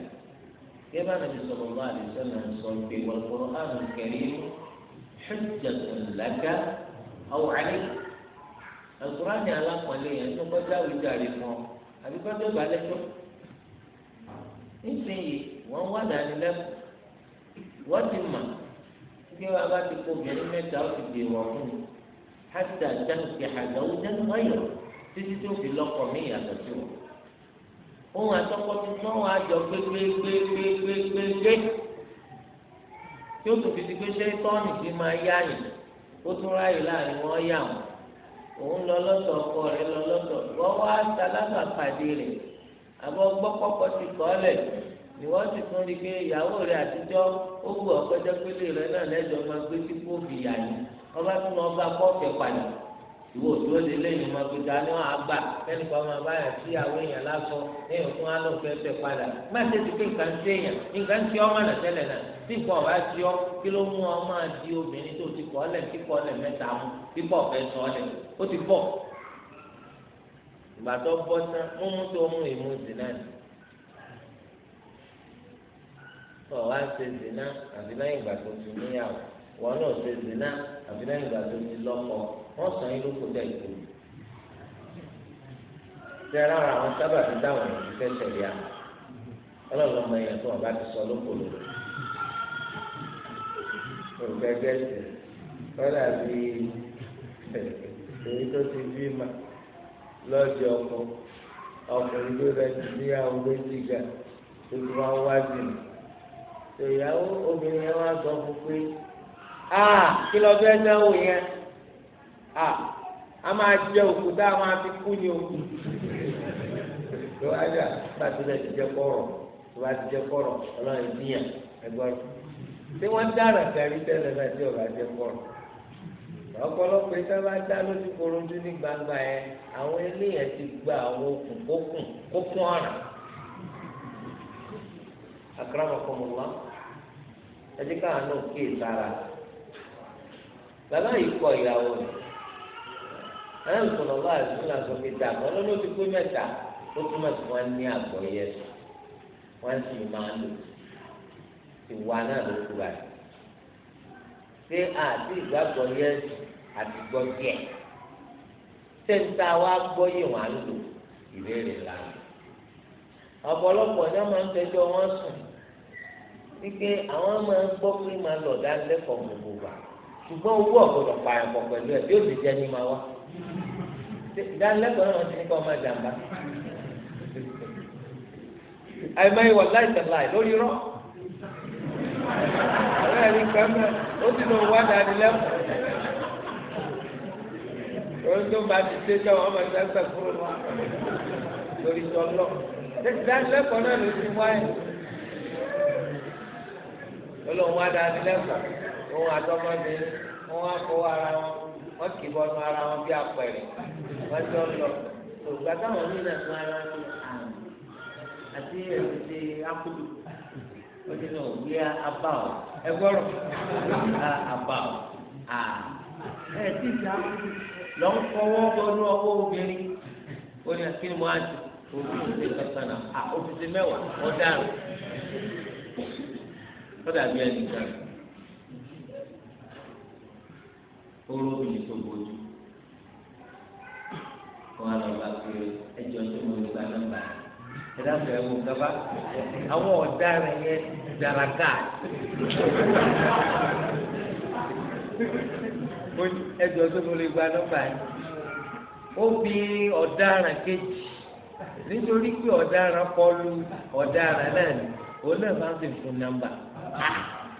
gẹ́gẹ́ bá nàbí sọ̀rọ̀ bá àdìsọ́ náà sọ pé wal Qur'anul Karim hujjatun laka aw alayka Al-Qur'an yẹn tó kọjá àwùjáde fún ọ àbí kọjá ìbálẹ́jọ́ nísìnyí wọ́n wá dánilẹ́kọ̀ọ́ wọ́n ti mọ̀ kí wọ́n bá ti kó obìnrin mẹ́ta ó ti dè wọ́n fún mi hàtà títí tó fi lọ́kọ̀ mí sí tí ó fi ti gbé ṣe tọ́ọ̀nì tí máa yá yìí ó tún ráyè láàrin wọn yà wọn òun lọ ọkọ lọ wọ́n wá sálábà ti kọ́ lẹ̀ jù ìwọ sì tún rí i pé ìyàwó rẹ àtijọ́ ó gbọ́ ọ̀pẹ́jọ́ pélé rẹ náà lẹ́jọ́ máa gbé sí kóòfì ìyá yìí wọ́n bá tún lọ́ọ́ bá kọ́ọ̀kẹ́ padà ìwọ tí ó lè lẹ́yìn máa gbé ta ni wọ́n á gbà lẹ́nu kan máa bá yàn sí àwọn èèyàn lásán lẹ́yìn fún wọn lọ́ọ́ fẹ́ fẹ́ padà má ṣe ti pé nǹkan ṣe èèyàn nǹkan ṣe ọmọ náà tẹ́lẹ̀ náà tí nǹkan ọ̀bá ṣe ọ kí ló mú ọ máa di obìnrin tó ti kọ́ lẹ̀ kíkọ́ lẹ̀ mẹ́ta mú bíbọ̀ fẹ́ sọ lẹ̀ ó ti bọ̀ ìgbà tó bọ́ tán mú mú tó mú ìmú sí náà ọ̀ wá ṣe zina àfi lẹ́yìn ìgbà tó ti níyàwó wọn náà ṣe zina àfi lẹ́yìn ìgbà tó ti lọ́kọ wọ́n sàn yín lóko dẹ̀ kú. tí ara àwọn sábà ti dáwọn èèyàn ti fẹ́ tẹ̀lé à ọlọ́run ọmọ èèyàn tó wọn bá ti sọ lóko bí èyí tó ti bí ma ọkọ ọkùnrin rẹ ti níyàwó méjì tó ìyàwó obìnrin yẹn wá sọ fún pé kí lọ fẹ́ náwó yẹn a máa jẹ òkúta a máa fi kú ni o tó ayà bá ti lè ti jẹ kọrọ tó bá ti jẹ kọrọ Ọlọ́run ìdíyàn ẹgbọrọ tí wọn dára kárí tẹ́lẹ̀ náà tí ọba jẹ kọrọ ọ̀pọ̀lọpọ̀ ìta bá dá lójú korojú ní gbangba yẹn àwọn eléyàn ti gba àwọn okùn kókùn kókùn ọ̀ràn akérèmọkọmọlá ẹdí káwọn náà kí ìtara bàbá yìí kọ ìyàwó rẹ̀ àwọn ìkọlọ bá àdúrà sọ pé dàgbọ lọ́nà ti pé mẹ́ta ó túmọ̀ sí wọn ní àgbọ̀ yẹn wọn sì máa lò ìwà náà ló kú báyìí ṣé àti ìgbàgbọ́ yẹn àti gbọ́ díẹ̀ ṣé ń ta wá gbọ́ yìí wọn á lò ìbéèrè lánàá ọ̀pọ̀lọpọ̀ ní wọn máa ń tẹjọ́ wọn sùn wípé àwọn máa ń gbọ́ pé máa lọ dánilẹ́kọ̀ọ́ gbogbo wa ṣùgbọ́n owó ọ̀gbọ́dọ̀ pààyàn pọ̀ pẹ̀lú ẹ̀ bí ó sì jẹ́ ní máa wá dánilẹ́kọ̀ọ́ náà ti ní kí wọ́n máa jàǹbá àìmọye wà láìsẹ̀ láì lórí rọ́ ọ̀rẹ́ ẹ̀rí kẹ́mẹ́ ó sì lọ wá dánilẹ́kọ̀ọ́ òun tó máa ti dé jọ wọn máa ti lórí tọ́lọ́ dánilẹ́kọ̀ọ́ náà ló ti wáyé olóhùn wa dá ní lẹ́kọ̀ọ́ òun àtọ́mọ́dé wọn wá kó ara wọn wọn kì í bọnu ara wọn bí apẹ̀rẹ̀ wọn jọ lọ ògbà táwọn onílẹ̀ fún ara wọn ti àrùn àti èdè akudu ó ti nà òbí abá ọ ẹgbọrọ abá ọ à ẹ ti sá lọ ń fọwọ́ bọnú ọwọ́ obìnrin ó ní kí ni mo òbí ti ṣe kankan náà mẹ́wàá ọ̀daràn. ó dàbí ẹnìkan olóbìnrin tó bójú wọn lọ bá pé ẹjọ́ tó mọ nípa nọ́mbà ẹ dábàá ẹ wò gábá àwọn ọ̀daràn yẹn dára káàdì ẹjọ́ tó mọ nípa nọ́mbà yẹn ó fi ọ̀daràn kejì nítorí pé ọ̀daràn kọlu ọ̀daràn náà ni òun fún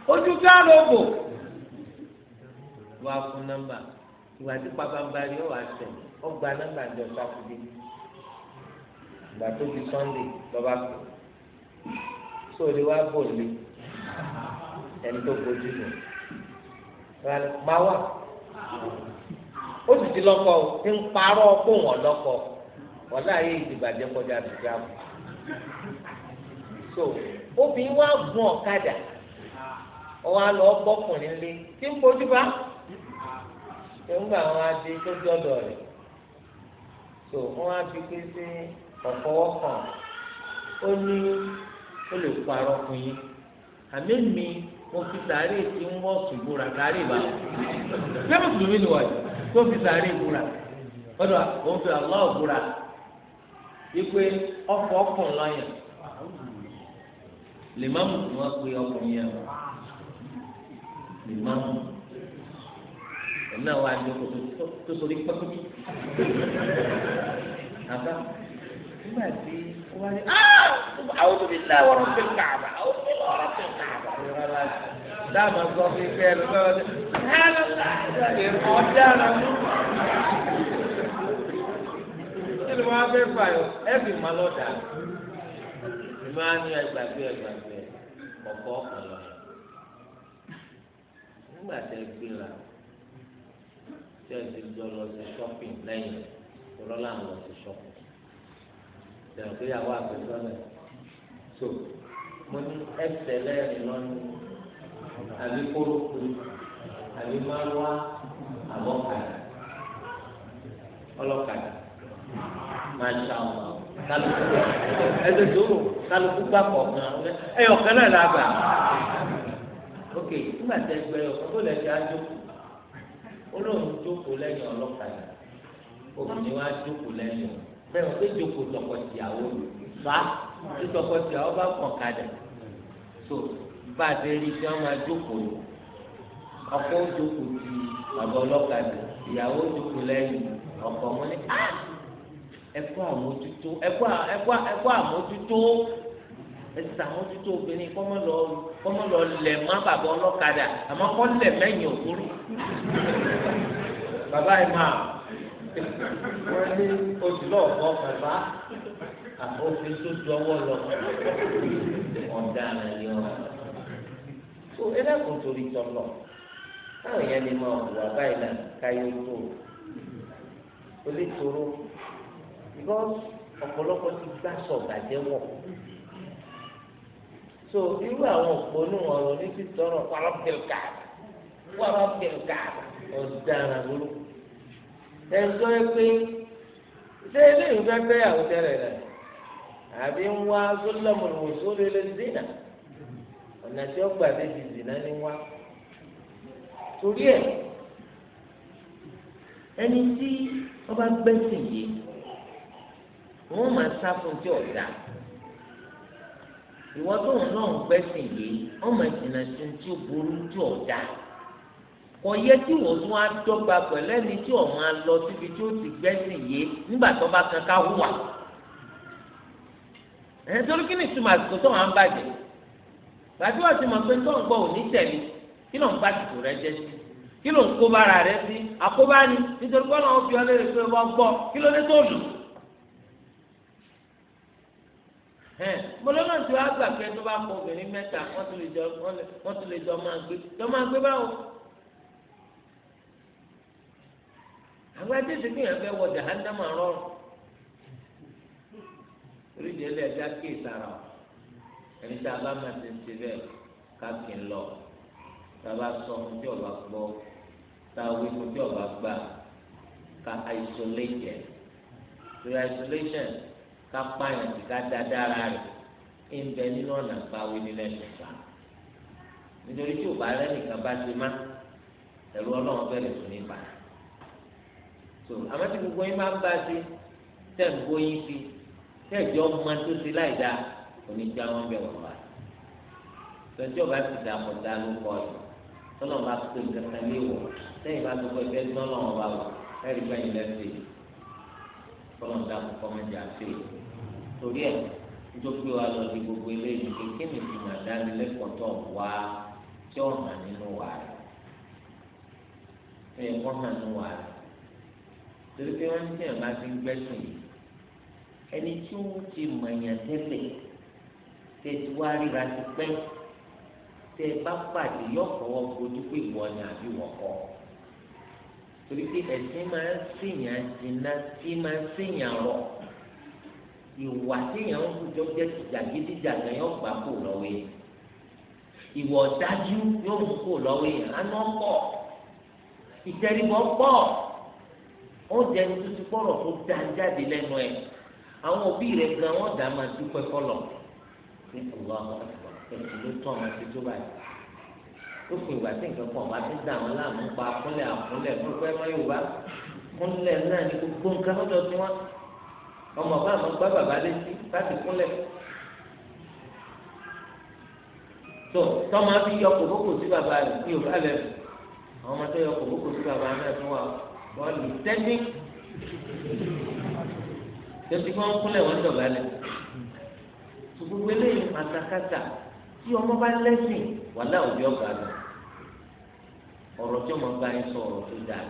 ojú gáàlù ògbò wà fún nọ́mbà ìwà tí pàpàǹbà yóò wá sẹ ọgbà nọ́mbà jọ sátidé ìgbà tó di sọ́ndé lọ́ba kù sóòlì wá bò lé ẹni tó gbójú lọ máa wà ó sì ti lọ́kọ o ti ń parọ́ kó wọ́n lọ́kọ wọ́n láàyè ìdìbàjẹ́ kọjá àtijọ́ àbọ̀ so obìnrin wá gun ọ̀kadà wọn á lọ bọkùnrin lé tí ń bójú bá nígbà wọn á di tó jọdọ rẹ tó wọn á fi pé sí ọ̀fọwọ́kàn ó ní ó lè parọ́ fún yín àmì mi mo fi sàárè tí ń wọ́ ṣùgbọ́ra sàárè bá ṣé mùsùlùmí ni wọ́n tó fi sàárè búra ọ̀dọ̀ àwọn fi àlọ́ búra ipe ọkọ̀ ọkùnrin lọ́yàn lè má mùsùlùmí wọn pe ọkùnrin yẹn wọn ìmọ̀ ọ̀nà wa ni o tó sori pẹ́kú àbá nígbà tí ó wá ní àwọn tóbi ńlá wọ́n fi kààbà àwọn tóbi wọ́n fi kààbà rárá dáàmà sọ fún ìfẹ́ ẹ̀ lọ́wọ́ ẹ̀ ọ̀daràn kí ni wọ́n á fẹ́ fà yọ ẹ̀ fi má lọ́dà ìmọ̀ á ní ẹgbàgbé ẹgbàgbé ọ̀pọ̀ ọ̀pọ̀ lọ nígbà tẹ ẹ gbéra tí ẹ ti jọ lọ sí shopping lẹ́yìn tọ́lọ́ làwọn lọ sí shopping tẹ̀wọ́n pé ìyàwó àgbẹ̀sọ́nà so mo ní ẹsẹ̀ lẹ́yìn lọ́nù àbí kórópù àbí márùá àbọ̀kàdà ọlọ́kàdà máa ń ṣàwọn kálukú ẹsẹ̀ tó kálukú gbà kọ̀ọ̀kan ẹ̀yọ̀kan náà lágbà ok nígbà tẹ gbẹ yọ kó lẹ ti adókò olóhùn jókòó lẹ́yìn ọlọ́kadà obìnrin wa jókòó lẹ́yìn o bẹ́ẹ̀ o pé jókòó tọkọtìyàwó fa tí tọkọtìyàwó bá kàn kadà so bá a ti rí i tí wọ́n máa jókòó ọkọ jókòó ti bàbá ọlọ́kadà ìyàwó jókòó lẹ́yìn ọkọ wọn ni ẹkọ àmójútó ẹkọ àmójútó ẹsẹ àmójútó obìnrin kọ́ mọ́ lọ́ọ́ kọ́mọ lọ lẹ̀ mọ́ bàbá ọlọ́kadà àmọ́ kọ́ lẹ̀ mẹ́yìn òkúrú bàbá yìí máa wọ́n ní oṣù lọ́ọ̀kọ́ bàbá àfọwọ́fẹ́ tó ju ọwọ́ lọ ọ̀daràn ni wọn. tó ẹlẹ́kùn torí tọ́lọ̀ táwọn èèyàn lè máa wà báyìí náà káyọ̀ tó o lè tóró because ọ̀pọ̀lọpọ̀ ti gbà sọ̀ bàjẹ́ so irú àwọn òpónú ọ̀rọ̀ ní ti tọrọ pàrọ̀bìlkà pàrọ̀bìlkà ọ̀daràn lóru ẹ̀sọ́ ẹ pé ṣé eléyìí fẹ́ fẹ́ yàwó tẹ́lẹ̀ rẹ̀ àbí ń wá sólọ́mùlùmùsó lélẹ̀ zina ọ̀nà tí ó gbà dé ti zina ní wá torí ẹ̀ ẹni tí ọba gbẹ́sìn yìí wọ́n máa sá fún tí ọ̀daràn ìwọ tó ń lọ gbẹ́sìn yìí ọmọ ìsìnà tí ń tí ó burú tí ò dá kò yẹ tí wọ́n tún á dọ́gba pẹ̀lú ẹni tí ò máa lọ síbi tí ó ti gbẹ́sìn yìí nígbà tó bá kan ká hùwà ẹ̀yìn torí kí ni ìtumọ̀ àsìkò tó wà ń bàjẹ́ gbàtí wọ́n ti mọ̀ pé tó ń gbọ́ òní tẹ̀lé kí ló ń bá àsìkò rẹ jẹ́ sí kí ló ń kó bára rẹ sí àkóbá ni nítorí pé ọlọ́run fi ọ mọlọ́nà tí wàá gbà pé tó bá kọ obìnrin mẹ́ta wọ́n tún lè jọ máa gbé jọ máa gbé báwo. àwọn ẹtí ti gbìyànjú fẹ́ wọ jahannama rọrùn torí ìdí ẹlẹ́ ẹ̀dá kéè sára o ẹni tí a bá máa ti ti bẹ́ẹ̀ káàkiri ń lọ tá a bá sọ fún tí ọba gbọ́ tá a wí fún tí ọba gbà ká isolate yẹn isolation kápá yẹn ti ká da dára rẹ̀ ń bẹ nínú ọ̀nà ìpawé nílẹ̀ ìṣẹ̀fà nítorí tí òbá rẹ̀ nìkan bá ti má ẹ̀rù ọlọ́run bẹ̀rẹ̀ sí ní bàá so àmọ́ tí gbogbo yín máa ń bá sí tẹ̀ ń bóyin sí tẹ̀ jọ́ ọmọ tó ti láì dáa oníjà wọn bẹ wọn wá tọ́jú ọba ti dààmú dá ló kọ ọ tọlọ bá pè kankan léwọ sẹ́yìn bá tó kọ ẹgbẹ́ tí wọn bá wọ ẹrí bẹyìn lẹsẹ yìí kọ́lọ́n dà kó kọ́mọ́ jà sí i torí ẹ̀ nítorí wa lọ di gbogbo eléyìí kékeré mi fi mà dání lẹ́kọ̀ọ́ tó wá tí ó hàn nínú wà rẹ̀ tó yẹ kó hàn nínú wà rẹ̀ torí pé wọ́n ti ẹ̀ máa ti ń gbẹ́sùn yìí ẹni tí ó ti mọ̀nyàn tẹ́lẹ̀ tẹ̀sí wá ríra ti pẹ́ tẹ bá pàdé yọ̀kọ̀ọ́ fojú pé ìwọ ni àbí wọ̀kọ̀ọ́ torí pé ẹ̀sìn máa ń sèyàn jìnnà sí máa ń sèyàn rọ̀ ìwà sèyàn ń kújọ jẹ́ jàgídíjàgà yóò gbà kó lọ́wọ́ yẹn ìwà ọ̀dájú yóò mú kó lọ́wọ́ yẹn àná pọ̀ ìtẹríbọ̀ pọ̀ ó jẹ́ ní tuntun kọ́rọ̀ tó dá jáde lẹ́nu ẹ̀ àwọn òbí rẹ̀ gan wọ́n dá máa dúpẹ́ kọ́lọ̀ ní ìwà ọ̀hún ẹ̀sìn ló tọ́ ọmọ títú báyìí ó pè wá sí nǹkan kan wá sí dá àwọn láàmú pa kúnlẹ̀ àkúnlẹ̀ fún pẹ́ mọ́ yorùbá kúnlẹ̀ náà ní gbogbo nǹkan lọ́dọ̀ tí wọ́n ọmọ bá àwọn gbá bàbá létí láti kúnlẹ̀. tó tọ́mọ fi yọ kòkókò sí bàbá rẹ̀ ní yorùbá lẹ̀ àwọn ọmọ tó yọ kòkókò sí bàbá náà fún wa wọ́n lù tẹ́tí tẹ́tí kí wọ́n kúnlẹ̀ wọ́n dọ̀bálẹ̀ gbogbo eléyìí tí ọmọ bá lẹ́sìn wàhálà òbí ọ̀gá lọ ọ̀rọ̀ tí ọmọ bá yín sọ ọ̀rọ̀ tó dáa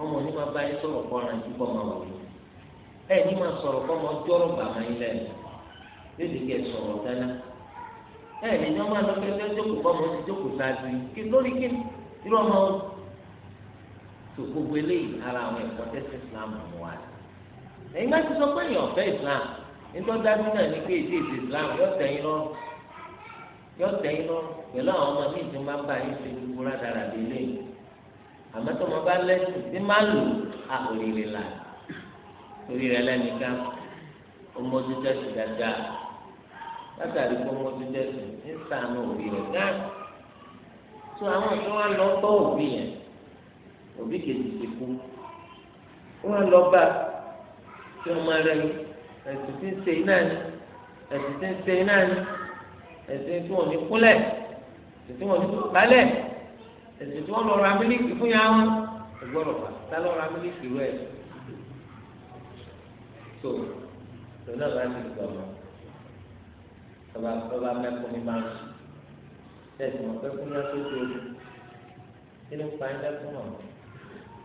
ọmọ ní máa bá yín sọ̀rọ̀ kọ́ ọ̀ràn tí kò máa wò yín ẹ ní máa sọ̀rọ̀ kọ́ ọmọ jọ́rọ̀ bà máa yín lẹ́nu lóde kí ẹ sọ̀rọ̀ dáná ẹ ní ní ọmọ àlọ́kẹ́ tó jókòó kọ́ ọmọ ti jókòó sáájú kí lórí kí irú ọmọ tó gbogbo eléyìí ara àwọn ẹ̀kọ́ tẹ́sí Islam mọ̀ wá ẹ̀yin bá ti sọ pé èèyàn ọ̀fẹ́ Islam nítorí dájú náà ní pé èdè Islam yóò tẹ̀yìn yọ tẹ̀yìn lọ pẹ̀lú àwọn ọmọ mi tó máa ń bá yín ṣe gbogbo rádàrà délé àmọ́ tó máa bá lẹ́sìn tí máa lò á oríire là oríire lẹ́nìkan ọmọdé tẹ̀sí dáadáa látàrí kó ọmọdé tẹ̀sí ń sànù oríire gán tó àwọn tó wá lọ tọ́ òbí yẹn òbí kejì ti kú wọ́n lọ bá tí ọmọ rẹ̀ ẹ̀sìn ti ń ṣe iná ni ẹ̀sìn ti ń ṣe iná ni ẹ̀sìn tí wọ́n ní kúnlẹ̀ ẹ̀sìn tí wọ́n ní kúnlẹ̀ ẹ̀sìn tí wọ́n lọ ra mílíkì fún yàrá wọn ẹgbọ́dọ̀ fà tá lọ ra mílíkì rẹ̀ tó tó náà bá ti gbọ́ ọmọ ọba ọba mẹ́kún ní máa ń sùn ẹ̀sìn wọn pẹ́ fún yàtọ̀ tó lù kí ló ń pa ẹ̀dá fún wọn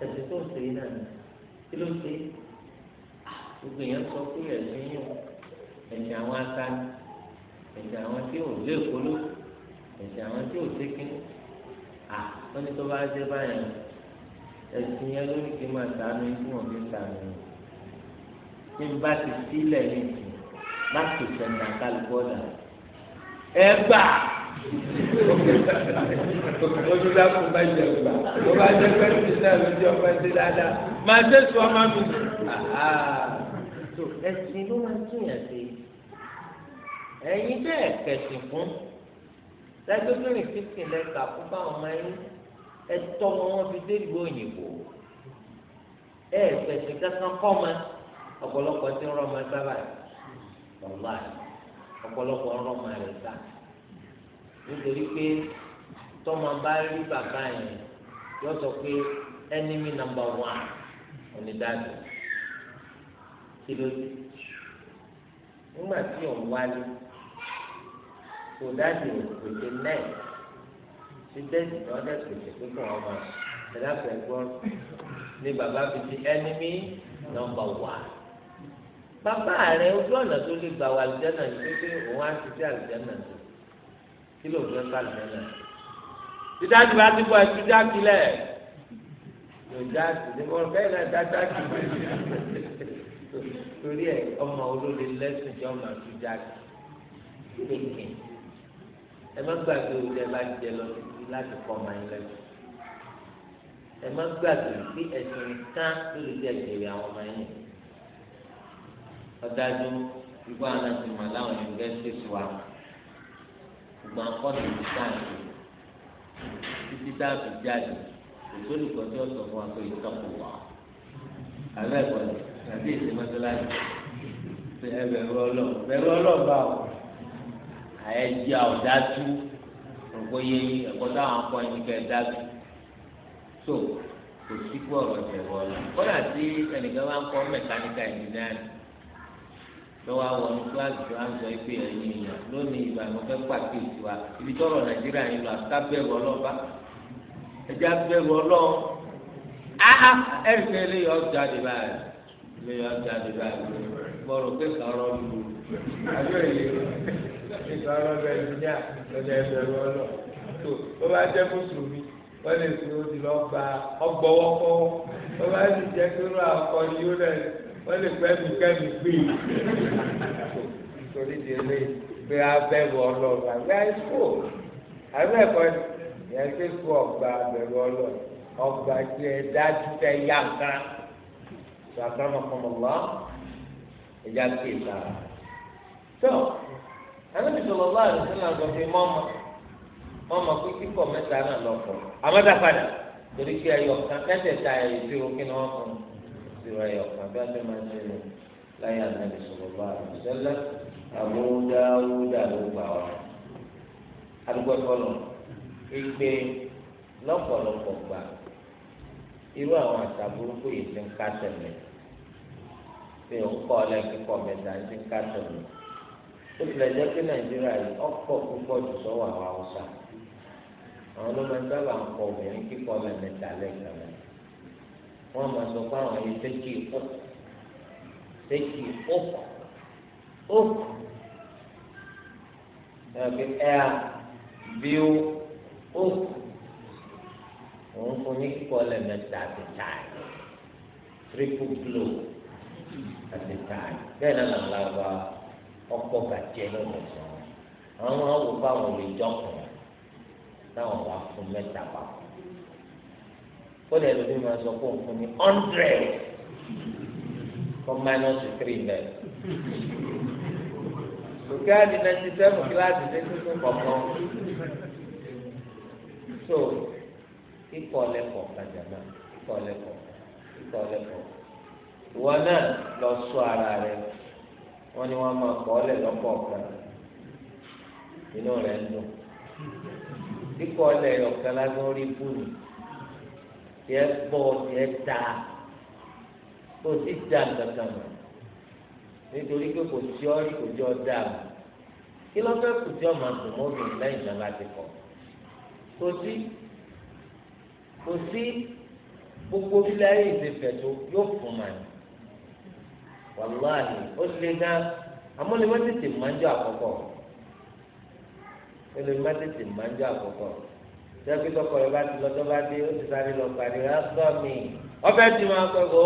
ẹ̀sìn tó ń sèé náà kí ló ń sèé ah, gbogbo èèyàn sọ pé ẹ̀sìn yìí ẹ̀sìn àwọn asáni ẹ̀sìn àwọn tí ò lé ìpolú ẹ̀sìn àwọn tí ò sékín à wọ́n ní tó bá dé báyẹn ẹ̀sìn yẹn ló ní kí n máa sànù yín tí wọ́n fi sànù yín tí n bá ti sílẹ̀ yín sí láti sẹ̀ńdà kálífọ́dà ẹ gbà ojú bá kú bá jẹ gbà ó bá jẹ pé ti náà ló jẹ dáadáa máa tẹsán ọmọ mi. ẹ̀sìn ló máa ń túyàn sí i ẹ̀yin bẹ́ẹ̀ kẹ̀sìn fún lẹ́gbẹ́gbẹ́rin kristian lẹ́ka fún báwọn máa ń ẹtọ́ wọn fi dé ìlú òyìnbó ẹ̀ kẹ̀sìn kankan kọ́ ma ọ̀pọ̀lọpọ̀ ti ń rọ́ọ̀mà sábà ọ̀la ọ̀pọ̀lọpọ̀ ń rọ́ọ̀mà rẹ̀ sá nítorí pé tọ́mọ bá rí bàbá yẹn yọ sọ pé enemy number one onídàájọ́ kí ló dé nígbà tí òun wálé kò dáàbì òkèké náà síbẹ̀sì ni wọ́n dẹ̀ pèsè pé kò wọ́n máa ẹ̀dáàbò ẹ̀gbọ́n ni bàbá fi di ẹnìmí nọ́mbà wà. bàbá rẹ ojú ọ̀nà tó lè gbà wà àlùjẹ́nà ní pé òun á ti dé àlùjẹ́nà tó kí ló fẹ́ bá àlùjẹ́nà. dídájú bá ti bọ̀ ẹ̀ tún jáde lẹ̀ lòdà sí ni mo fẹ́ náà dáadáa kì í torí ẹ̀ ọmọ olóde lẹ́sìn tí ọmọ àtújáde kéèké ẹ má gbàgbé o lẹ bá jẹ lọ títí láti kọ́ ọmọ yín lẹ́nu ẹ má gbàgbé sí ẹ̀sìn kan lórí ti ẹ̀jẹ̀rẹ̀ àwọn ọmọ yín ọ̀dájú ìgbà náà ti mọ̀ láwọn yunifásitì wa gbọ̀n kọ́ni ti sáàyè títí dáàbò jáde òṣèlú kan tí ó sọ fún wa pé ìtọ́kùn wà àbẹ́ ìbọ̀lẹ̀ àbí ìsèmọ́tò láti ṣe ẹbẹ̀rù ọlọ́ọ̀ bẹ̀rù ọlọ́ọ̀ bá wọn ẹ̀jẹ̀ ọ̀dájú òkò yẹ ẹ̀kọ́ táwọn akọ ẹni kẹ́ dájú tó kò sí kú ọ̀rọ̀ jẹ̀ wọ́ọ̀lù kọ́dà tí ẹnìkan bá ń kọ́ mẹkáníkà ẹ̀ńjìnírì lọ́wọ́ àwọn oníkíláàsì tó ń sọ pé ẹ̀yin èèyàn lónìí ìbànú fẹ́ pàkíyèsí wa ibi tọ́rọ̀ nàìjíríà yìí lọ àtúntà bẹ̀rù ọlọ́ba ẹ̀jẹ̀ abẹ́rù ọlọ́ áá ẹ̀rìkẹ́ eléyìí ọjà dé báyìí eléyìí ọjà dé báyìí bọ̀rọ̀ pé kàrọ̀ lù àbí òye bí kan lọ́dọ̀ ẹnjìníà lọ́dọ̀ ẹgbẹ̀rún ọlọ́ tó tó bá jẹ́ mùsùlùmí wọ́n lè fi ó ti lọ gba ọgbọ́wọ́ kọ́wọ́ tó bá sì jẹ́ pé ó akọ ni ó lẹ̀ wọ́n lè pẹ́ mi kẹ́mi gbé e. nítorí ti lé pé abẹ́rù ọlọ́run àgbẹ̀ àìsíkò àbẹ́ ẹ̀kọ́ yẹn ké kó ọgbà abẹ́rù ọlọ́run ọgbà tí ẹ dájú tẹ yá nǹkan ṣàkàmọ̀kọ̀mọ̀ lọ ẹ̀yà kéèkà tó ànábì sọlọ lọ àrùn sínú àgọ pé mọmọ mọmọ pé kíkọ mẹ́ta náà lọ kọ àmọdá padà torí pé ẹyọ kan mẹ́tẹ̀ẹ̀ta ẹyọ tí o kí ni wọn kàn sí ẹyọ kan bí wọn ti máa ń ṣe lọ láyé ànábì sọlọ lọ àrùn sẹlẹ àmúdáwúdà ló gbà wá adúgbò fọlọ ìgbé lọ́pọ̀lọpọ̀ gbà irú àwọn àṣà burúkú yìí ti ń ká tẹ́lẹ̀ pé òun kọ ọ lẹ́yìn kíkọ mẹ́ta ti ń ká tẹ́lẹ̀ ó tilẹ̀ jẹ́ pé nàìjíríà yìí ọ̀pọ̀ púpọ̀ jù sọ́wọ́ àwọn haúsá àwọn ló máa ń sábà ń kọ obìnrin kíkọ lẹ́mẹ̀ta lẹ́ẹ̀kan rẹ̀ wọ́n máa sọ pé àwọn yìí tẹ́kì ọ̀k tẹ́kì ọ̀k ọ̀k ẹ̀ẹ́dẹ́gbẹ́ ẹ̀ẹ́ bíó ọ̀k òun fún ní kíkọ lẹ́mẹ̀ta àti táì triple blow àti táì bẹ́ẹ̀ náà làwọn làwọn ọ̀pọ̀ gàjẹ lọ́dọ̀ sọ àwọn awòkọ àwọn olùjọkùn táwọn bá fún mẹ́ta papọ̀ kódà ẹlòmíì máa sọ fún òfin ní hundred kọ́ minus three bẹ́ẹ̀ òkè àdì ninety seven kíláàsì ní tuntun kọ̀ọ̀kan so ikọ̀ lẹ́kọ̀ọ́ kàjàmá ikọ̀ lẹ́kọ̀ọ́ ikọ̀ lẹ́kọ̀ọ́ ìwọ náà lọ sọ ara rẹ wọ́n ní wọ́n máa kọ́ ọ́lẹ̀ lọ́kọ̀ọ̀kan inú rẹ̀ ń dùn kíkọ́ ọ́lẹ̀ ọ̀kan lásán rí bùnú tiẹ̀ bọ́ tiẹ̀ ta kò sí da kankan mọ́ nítorí pé kò sí ọ́ rí kò jọ da mọ́ kí ló fẹ́ kù tí ọmọ àgùn mọ́bìnrin lẹ́yìn náà bá kọ́ kò sí kò sí gbogbo bíláyé ìfẹ́fẹ́ tó yóò fún màá ní. wàláhì ó lè gan àmọ́ lè má tètè máa ń jọ àkọ́kọ́ ó má tètè máa ń jọ àkọ́kọ́ jẹ́pẹ́ tọkọ rẹ bá ti lọ tó bá dé ó ti sáré lọ pàdé rẹ gbọ́ mi ọbẹ̀ tí máa pẹ́ kó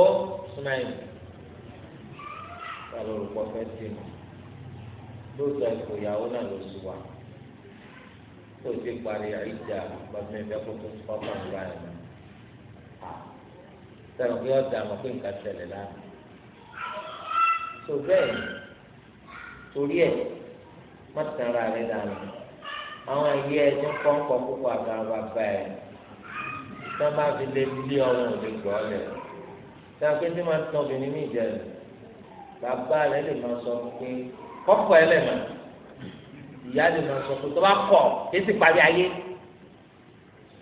súnmọ́ ẹ̀ ká lóru pọ̀ fẹ́ tì mọ́ lóòótọ́ ẹ̀kọ́ ìyàwó náà ló wá tó bẹ́ẹ̀ torí ẹ̀ mọ́tàrà rẹ̀ dànù àwọn ayé ẹni kọ́ńkọ́ púpọ̀ àtàwọn bàbá ẹ̀ tó bá fi lé lé ọ̀run òde gbọ́ lẹ̀ tó akéwì tí máa tán obìnrin ní ìjẹ́ rẹ̀ bàbá rẹ̀ lè máa sọ pé kọ́kọ́ ẹ lẹ̀ mọ́ ìyá lè máa sọ pé tó bá kọ̀ kí sì parí ayé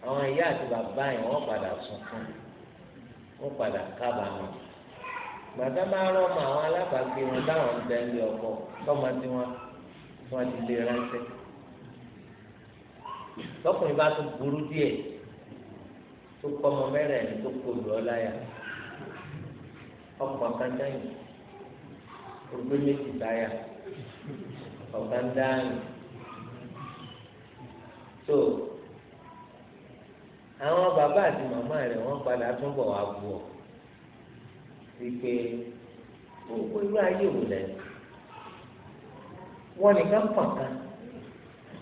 àwọn ìyá àti bàbá yẹn wọ́n padà sọ fún wọn padà kábàámọ̀ gbàtà máa rọ ọmọ àwọn alábàágbé wọn táwọn ń bẹ ní ọkọ tọmọ tí wọn wọn ti lè ránṣẹ́ tọkùnrin bá tún burú díẹ̀ tó kọ ọmọ mẹ́rẹ̀ ní tó kó lù ọ láyà ọkọ kankan yìí méjì táyà ọkàn tó àwọn bàbá àti màmá rẹ̀ wọ́n padà túnbọ̀ wá bu ọ wípé gbogbo irú ayé wò lẹ wọn nìkan pọn kan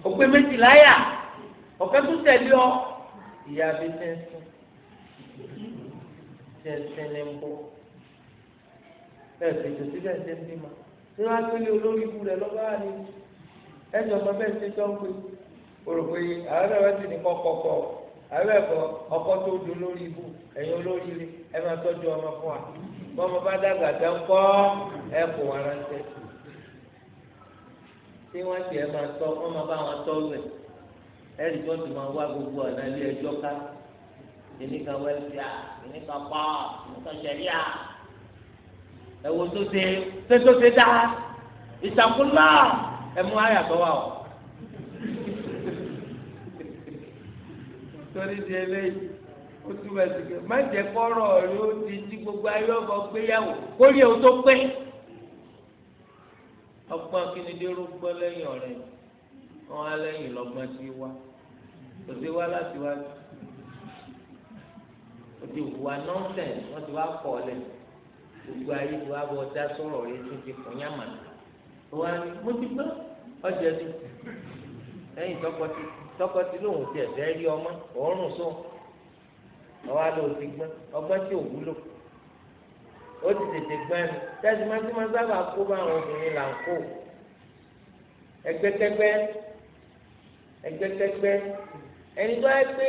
òpè méjìlá yà ọ̀kẹ́ tó tẹ̀lé ọ ìyá bí tẹ́sán tẹ́sán ní ń bọ̀ bẹ́ẹ̀ tètè síbẹ̀ ṣe ń bímọ tí wọ́n á gbélé olórí ibu rẹ̀ lọ́wọ́ àná ẹ̀jọ̀ mọ́ bẹ́ẹ̀ ṣe jọ́ ń pè òròpé àwọn ẹ̀rọ ti ní kọ́kọ́kọ́ àwọn ẹ̀kọ́ ọkọ́ tó do lórí ibu ẹ̀yin olórí ilé ẹ̀ máa tọ́jú ọmọ fún wa bọ́mọ bá dàgbà tẹ́ ń kọ́ ẹ kò wá ránṣẹ́ tí wọ́n ti ẹ̀ máa tọ́ wọ́n máa bá wọn tọ́ rẹ̀ ẹ̀rí tó ti máa wá gbogbo ọ̀nà ilé ẹjọ́ ká ìníkan wẹ́lfíà ìníkan pọ́ ìníkan ṣẹ̀ríà ẹ̀wọ̀n tó ṣe ṣé tó ṣe dá ìṣàkúnlá ẹ̀mú ayàtọ̀ wà o. <laughs> torí di eléyìí ó túbọ̀ ẹ̀sìnkè má jẹ́ kọ́rọ̀ rẹ ó ti ti gbogbo ayé ọkọ̀ gbéyàwó kó rí ewu tó pé ọgbọ́n kínnídé ló gbọ́ lẹ́yìn ọ̀rẹ́ wọn á lẹ́yìn lọ́gbọ́n tí wá kò sí wá láti wá o ti wà nọ́ọ̀sẹ̀n wọ́n ti wá kọ́ ọ lẹ̀ gbogbo ayé ti wá bọ̀ dá sọ̀rọ̀ rẹ tó ti kùn yàmà wọn á mo ti gbọ́ ọjà ni lẹ́yìn tọkọtì tọkọtì lòun ti ẹ̀fẹ́ rí ọmọ òórùn sóun ọwọ́ àlọ́ òsì gbọ́n ọgbọ́n tí ò wúlò ó ti tètè gbọ́n ẹnu tẹ́sí máa ń tí máa sábà kó bá àwọn obìnrin là ń kó ẹgbẹ́kẹ́gbẹ́ ẹgbẹ́kẹ́gbẹ́ ẹni tó yẹ pé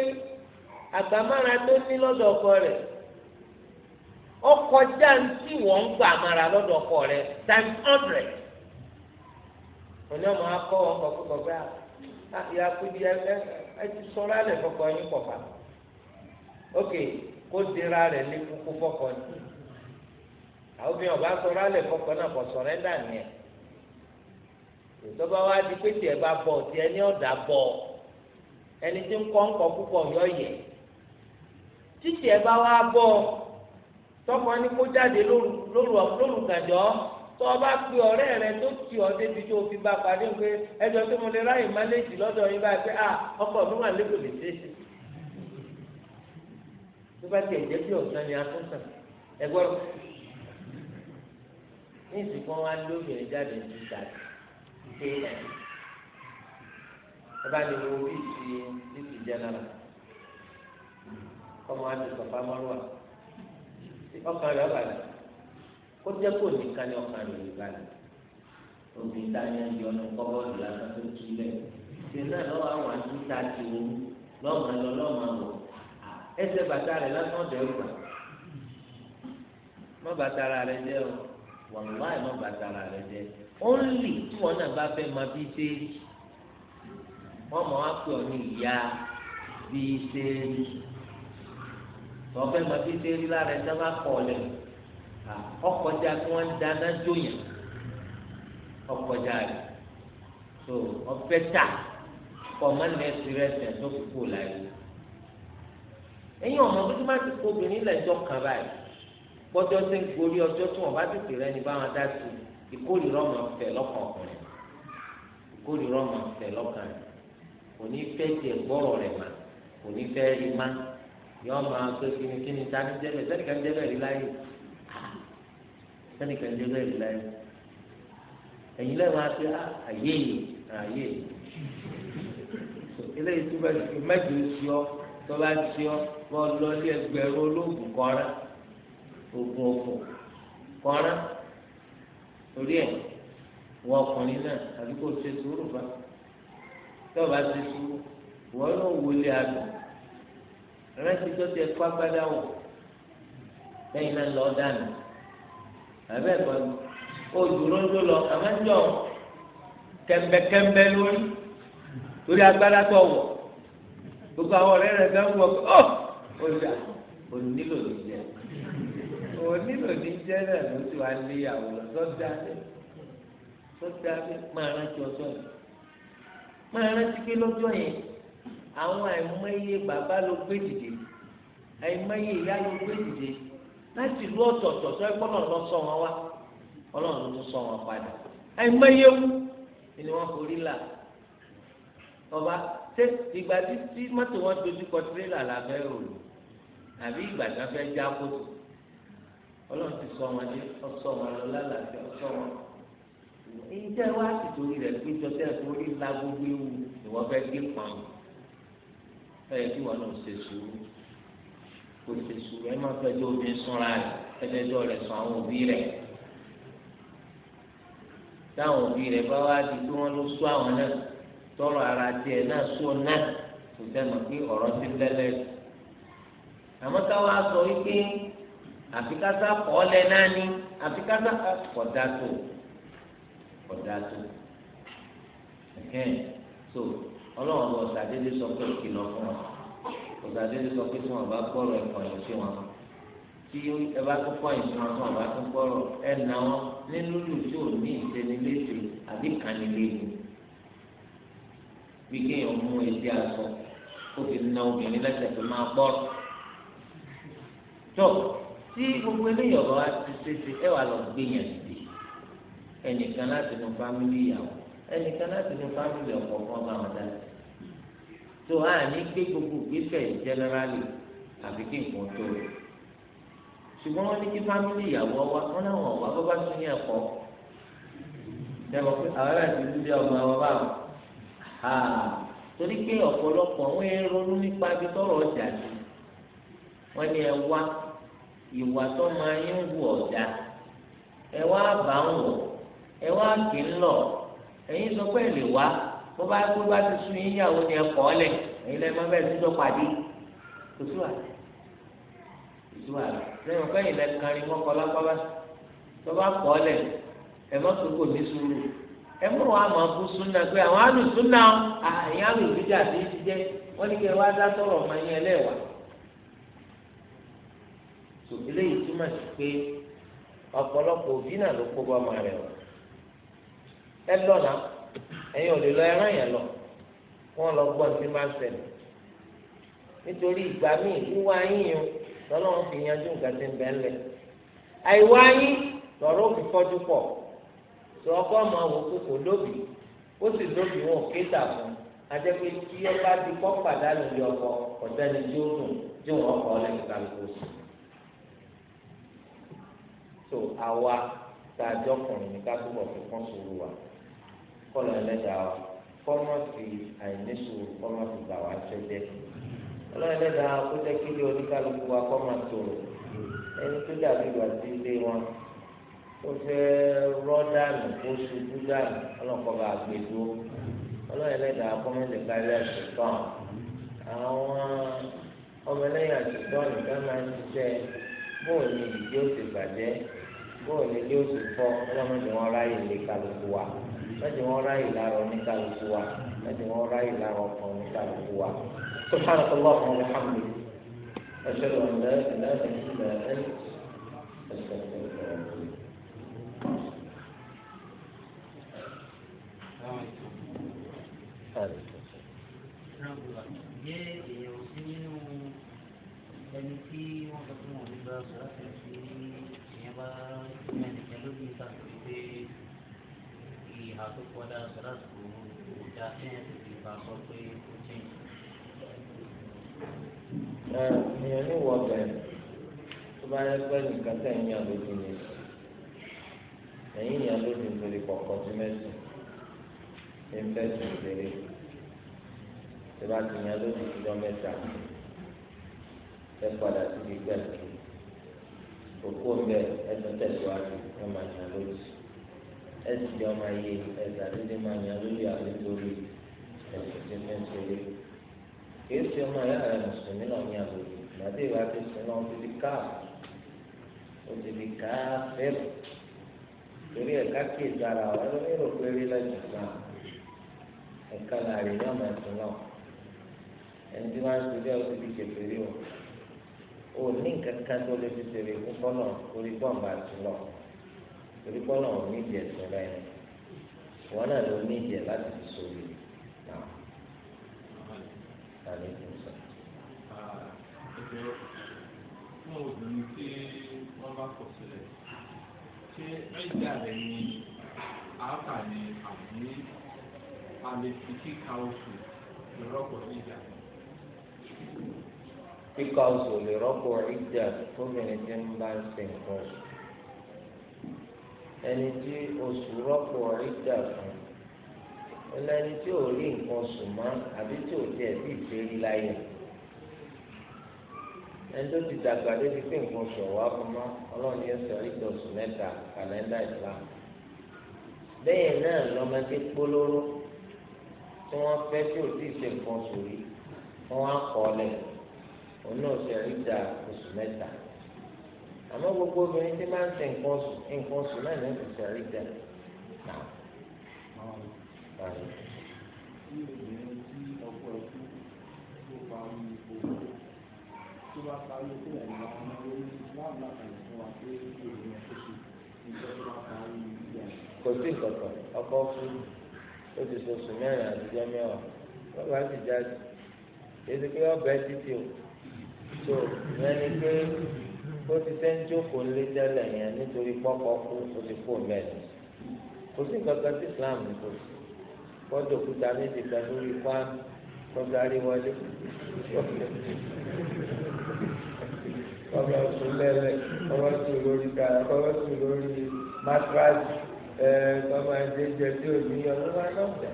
àgbàmára tó ní lọ́dọ̀ ọkọ rẹ̀ ọkọ̀ jáǹtì wọ́n ń gbàmára lọ́dọ̀ ọkọ rẹ̀ times hundred òní ọmọ akọ́ ọkọ̀ kọ́kọ́ bá ìyá kúbi ẹ ẹ ti sọ̀rọ̀ alẹ́ fọkọ yín pọ̀ ok kó dira rẹ̀ lé kúkú fọ́kọ ni àwọn obìnrin ọba sọ̀rọ̀ alẹ́ fọ́kọ náà kò sọ̀rẹ́ndà nìyẹn ìjọba wa di pé tiẹ̀ bá bọ̀ tiẹ̀ ní ọ̀dà bọ̀ ẹni tí ń kọ́ ń kọ́ púpọ̀ yọ yẹ títí ẹ bá wá bọ̀ tọkọ ní kó jáde lóru gàjọ́ tó o bá pe ọ̀rẹ́ rẹ tó ti ọ débi tó o fi bá pàdé pé ẹjọ́ tó mo lè ráyè má léjì lọ́dọ̀ yín báyìí pé à ah, ọkọ mi wà lébò ṣe é ṣe tó bá tiẹ̀ jẹ́ pé ọ̀sán ni atúntàn ẹgbẹ́ rẹ̀ ní ìsìnkú wọn lé obìnrin jáde ní ìdájọ́ ìké náà ẹ bá ní owó bíi ti bíi ti jẹnara kọ́mọ wa ti sọ̀fà mọ́rùwà ọkàn rẹ̀ ọ̀bàdàn kó jẹ́ kó nìkan ní ọkàn òbí ta ni ẹ yọ ẹsẹ̀ bàtà rẹ̀ lásán ọ̀dọ̀ ẹ̀rù rẹ̀ mọ bàtà ara rẹ̀ jẹ́ o wàlúwàì mọ bàtà ara rẹ̀ jẹ́ ó ń lì tí wọn náà bá fẹ́ máa bí ṣe wọ́n mọ̀ wá pé ọ ní ìyá bí ṣe rí wọ́n fẹ́ bí ṣe rí lára ẹ̀ sábà kọ̀ lẹ̀ ọkọjà tí wọ́n dáná jóyàn ọkọjà rẹ̀ so ọ̀fẹ́ tà kọ̀ mọ́ nẹ́ẹ̀sì rẹ̀ tẹ̀ tó kúkú láyé ẹ̀yin ọmọ bí tí máa ti kó obìnrin lẹ́jọ́ kan báyìí gbọ́dọ̀ ṣe ń gorí ọjọ́ tí wọ́n bá tètè rẹ ní báwọn dá sí ìkórìíra ọmọ fẹ́ lọ́kàn ọkùnrin ìkórìíra ọmọ fẹ́ lọ́kàn rẹ̀ kò ní fẹ́ tiẹ̀ gbọ́rọ̀ rẹ̀ mà kò ní fẹ́ rí má yọ máa gbé kíni kíni dání jẹ́bẹ̀ sẹ́nìkan jẹ́bẹ̀ rí láyé sẹ́nìkan jẹ́bẹ̀ rí láyé ẹ̀yin lẹ́yìn máa fi àyè ah, yìí àyè yìí eléyìí túbọ̀ mẹ́jọ sí ọ tó bá ti ọ bọ́ lọ sí ẹgbẹ̀rún olóògùn kọ́ra oògùn òfò kọ́ra torí ẹ̀ wọ ọkùnrin náà àbí kò ṣe sùúrù bá tó bá ti sùúrù wọ́n yóò wọlé àgbẹ̀ rántí tó ti ẹ̀kọ́ agbádá wọ̀ lẹ́yìn náà lọ́ọ́ dànù àbẹ́ ẹ̀kọ́ ó dúró ń lọ àmọ́ ń jọ lórí torí agbádá tó wọ̀ gbogbo àwọn ọ̀rẹ́ rẹ̀ gan wọ ọ ọjà onílò ní jẹ onílò ní jẹ náà ló ti wá lé àwòrán sọdá lé sọdá lé máa rántí ọjọ́ yẹn máa rántí pé lọ́jọ́ yẹn àwọn àìmọye bàbá ló gbé dìde àìmọye ìyá ló gbé dìde láti lu ọ̀tọ̀ọ̀tọ̀ tó ẹgbọ́n náà lọ sọ wọn wá ọlọ́run ló sọ wọn padà àìmọye wú ni wọ́n forí là ọba ṣé ìgbà tí tí mọ́tò wọn dojú kọ tirẹ́là la fẹ́ rò lò àbí ìgbà tí wọ́n fẹ́ já kótó ọlọ́run ti sọ wọn dé ọsọ wọn lọ lálàáfíà ọsọ wọn. ìjẹ́ wa ti torí rẹ̀ pé jọ́tẹ́ torí la gbogbo ewu ni wọ́n fẹ́ gé pọ́n ẹ yẹ kí wọn náà ṣe sùúrù kò ṣe sùúrù ẹ má fẹjọ́ omi súnra rẹ̀ fẹjọ́ rẹ̀ sùn àwọn òbí rẹ̀ táwọn òbí rẹ̀ bá wá di pé wọ́n ló sún àwọn náà tọrọ ara tiẹ̀ náà sọ náà kò sẹ́nu pé ọ̀rọ̀ ti lẹ́lẹ́ àmọ́ káwá sọ wípé àfikásá kọ́lẹ̀ náà ni àfikásá kọ̀dá tó kọ̀dá tó ẹ̀hẹ́n tó ọlọ́run lọ sàdédé sọ pé kìlọ̀ fún wa ọ̀sàdédé sọ pé tí wọn bá gbọ́rọ̀ ìkọ̀yìn sí wọn tí ẹ bá tún kọ̀yìn sí wọn tí wọn tún gbọ́rọ̀ ẹ̀ nà nínú lù tí ò ní ìsẹ́nilé sí àbí kànilé bí kéèyàn mú etí aṣọ kó fi na obìnrin lẹ́sẹ̀ tó máa gbọ́rọ̀. tó tí gbogbo eléyìí ọ̀rọ̀ wa ti ṣeéṣe ẹ wà lọ gbéyàn dìde ẹnìkan láti nu fámìlì ìyàwó ẹnìkan láti nu fámìlì ọ̀kọ̀ọ̀kan bá wọn dá sí. tó a ní gbé gbogbo ìgbésẹ̀ jẹ́nẹ́rálì àfi kí nǹkan tó rẹ̀. ṣùgbọ́n wọ́n ní kí fámìlì ìyàwó wa wọ́n náà wọ̀ wá bó bá tún ní ẹ̀kọ́. ṣé pé àwọn ẹ̀rọ ti dúdú ọmọ wọn báwọn. torí pé ọ̀pọ̀lọpọ̀ wọ́n ń ronú nípa ibi tọ́rọ̀ ọjà sí wọ́n ní ẹ wá ìwà tó máa ń wù ẹ wá bá ń ẹ wá kì í lọ sọ pé lè wá ni ẹ kọ́ lẹ̀ ẹ̀yin lẹ́ẹ̀ máa bẹ̀rẹ̀ síjọ́ pàdé kò sí wàhálà kò sí wàhálà lẹ́yìn ọ̀pẹ́ yìí lẹ́ẹ̀ kan rí mọ́kànlá pàápàá bá kọ́ lẹ̀ ẹmúrò wa máa bú súnà pé àwọn alùsúnà àyìn alùsúnà ati ìdíjẹ wọn ní kí ẹ wá dá sọ̀rọ̀ ọmọ yẹn lẹwà tò eléyìí túmọ̀ sí pé ọ̀pọ̀lọpọ̀ òbí náà ló kó bá ọmọ rẹ̀ wọ̀ ẹ lọ́nà ẹ̀yin ò lè lọ ẹran yẹn lọ wọn lọ nítorí ìgbà míì fi yanjú nǹkan tí ń bẹ́ẹ̀ lẹ̀ àìwá yín lọ́rọ́ òfin tó ọkọ ọmọ àwọn kókò lóbi ó sì lóbi wọn ò ké tà fún adẹ́pẹ́ tí ẹ bá di kọ́ pàdánù bí ọkọ ọ̀dẹ́ni tí ó dùn tí wọn kọ́ lẹ́yìn kálukú sí. tó àwa tá a jọkùnrin ní ká túbọ̀ fi kún sùúrù wa kọ́lọ̀ ẹlẹ́dàá wa kọ́mọ́ fi àìní sùúrù kọ́mọ́ fi gbà wá tó jẹ́ kọ́lọ̀ ẹlẹ́dàá kó jẹ́ kí ilé oníkálukú wa kọ́mọ́ tó ẹni tó dàbí wà sí ilé wọn ó fẹ́ rọ́ dànù kó ṣubú dànù ọlọ́kọ̀ bá gbé dúró ọlọ́yìn lẹ́dàá kọ́mẹ́lẹ̀ kárí àṣetán àwọn ọmọlẹ́yìn àṣetán nìkan máa ń ṣiṣẹ́ bóò ni ìdí ó ti bàjẹ́ bóò ni ilé ó ti fọ́ ọlọ́mọdé wọn ráyè lé kálukú wa mẹ́tì wọn ráyè lára oníkálukú wa mẹ́tì wọn ráyè lára ọkàn oníkálukú wa. سبحانك اللهم وبحمدك أشهد أن لا إله إلا أنت أستغفرك Ǹjẹ́ èèyàn sí nínú ẹni tí wọ́n sọ fún wọn nígbà sọ láti fi ìyẹn bá ẹnìkan lóbi nípa pé pé ìhà tó kọjá sọ láti kò kò dá sẹ́yìn tó fi bá sọ pé kò jẹ́ ẹ ìyẹn ní wọ bẹ́ẹ̀ tó bá yẹ pé nìkan tẹ̀ ń yàn ni ẹ̀yìn yàn lójú nítorí kọ̀ọ̀kan tí mẹ́sàn-án ní fẹsùn ìdèrè tí bá ti yan lóṣù tó mẹ́ta ẹ padà sí ibi gbẹ̀sẹ̀ òkú ọ̀bẹ ẹ̀sùn tẹ̀síwájú ẹ máa yan lóṣù ẹ̀sùn jọ máa yé ẹ̀sà dídí máa yan lóṣù àbítorí ẹ̀sùn tí fẹ́ ń ṣeré kìí ṣe ọmọ ìyá rẹ mùsùlùmí náà ní àbòjì ìgbàdé ìwà ti sùn náà ti di káàpù ó ti di káàpù torí ẹ̀ka kìí dára wọn ló pé rí lẹ́yìn náà ẹ̀ka láàrin ní ọ̀nà ẹ̀sìn náà ẹni tí wọ́n á ṣe bí ọtí bí kẹfìrí o ò ní nǹkan kan tó lè fi ṣeré fún bọ́nà orí bọ́ǹbà sí lọ orí bọ́nà ò ní ìdí ẹ̀sìn rẹ wọn náà ló ní ìdí ẹ̀ láti fi sórí náà tàbí kí n sọ. fún obìnrin tí wọ́n bá kọ̀ sílẹ̀ ṣé ẹ̀jẹ̀ rẹ̀ ni àákà ni àbí àlèfìkíkà oṣù lè rọ́pò ìjà. kíkà oṣù lè rọ́pò ìjà obìnrin tí ń bá ń ṣe nǹkan oṣù. ẹni tí oṣù rọ́pò ìjà fún ó lẹni tí ò rí nǹkan oṣù mọ́ àbí tí ò tiẹ̀ sí ìṣeré láyé ẹni tó ti dàgbà débi pé nǹkan oṣù ọ̀wá fún mọ́ ọlọ́run yẹn sọ ìjọ oṣù mẹ́ta kàlẹ́ndà ìsìlámù bẹ́ẹ̀ náà lọ́mọdé polówó tí wọ́n fẹ́ tí ò tí ì ṣe nǹkan sórí wọ́n á kọ́ lẹ̀ òun náà ṣe rí da oṣù mẹ́ta àmọ́ gbogbo obìnrin tí máa ń ṣe nǹkan oṣù nǹkan oṣù náà ní oṣù ṣe rí náà. Kò sí nǹkan kan, ọkọ̀ fún mi ó ti sọ̀sù mẹ́rin àtijọ́ mẹ́wàá lọ́ba ti jáde èdè pé ọbẹ̀ títí o tó ìyẹn ni pé ó ti fẹ́ ń jókòó lé tẹ́lẹ̀ yẹn nítorí pọ́pọ́ kú ó ti kú mẹ́rin kò sí kankan tí Islam kò sí kọ́dọ̀ kúta méjì kan lórí kwami kọ́dọ̀ àríwájú kọ́dọ̀ sùn lẹ́lẹ̀ kọ́dọ̀ sùn lórí kàrà kọ́dọ̀ sùn lórí mátíráàsì ẹ bàbá ẹsẹ jẹ tí o ní ọdún wa lọgbà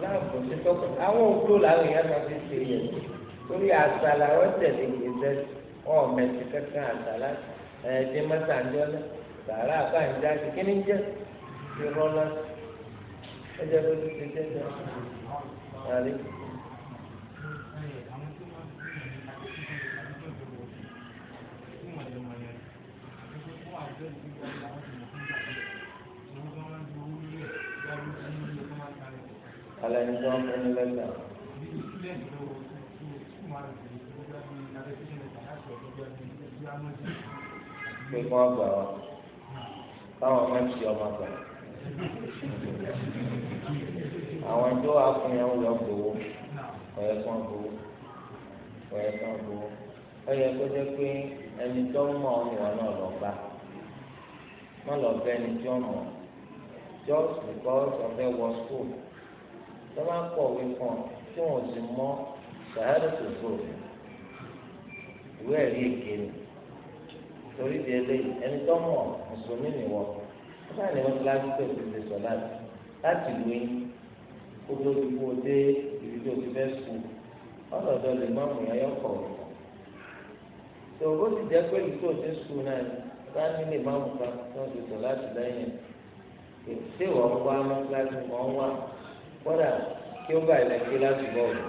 láàbò ṣe tọkọ àwọn òkúrò làwọn èèyàn máa fi ṣe yẹn torí àṣà làwọn tẹlẹ ìgbésẹ̀ ọmọẹsì kankan àṣà láti ẹdín mọ́tàndínlọ́ sàrà àbáyọ̀dá ti kí ni jẹ́ ti rọ́lá ẹjẹ́ bó ti ṣe jẹ́ jẹ́ àrí. Thank you. alẹ́ni tó ń fún lẹ́sẹ̀. pé kí wọ́n gbà wá káwọn máa ń ṣe ọmọ gbà. àwọn tó wà fún yẹn ń lọ gbowó ọ̀yẹ́ kan gbowó ọ̀yẹ́ kan gbowó ọ̀yẹ́ kó jẹ́ pé ẹni tó ń mọ̀ ọ́nìwọ̀ náà lọ gbà wọ́n lọ bẹ́ ẹni tí ó mọ̀ just because of their was school tó bá kọ̀wé kan tí wọ́n sì mọ sàárè tòfò ìwé ẹ̀rí èké ni torí di eléyìí ẹni tó mọ̀ mùsùlùmí nìwọ nígbà ní wọ́n kíláàsì tó ti ti sọ láti láti lu yín kó tó ti kú dé ibi tó ti fẹ́ sùn ọlọ́dọ̀ lè má mú yẹn kọ̀wé tó o ti jẹ́ pé ibi tó ti sùn náà bá nílé má mú kan tó ti sọ láti lẹ́yìn tí ìwọ̀n wá mọ́ kíláàsì kan wà kódà kí ó bá ilẹ̀ kí láti bọ̀ ọ̀dọ̀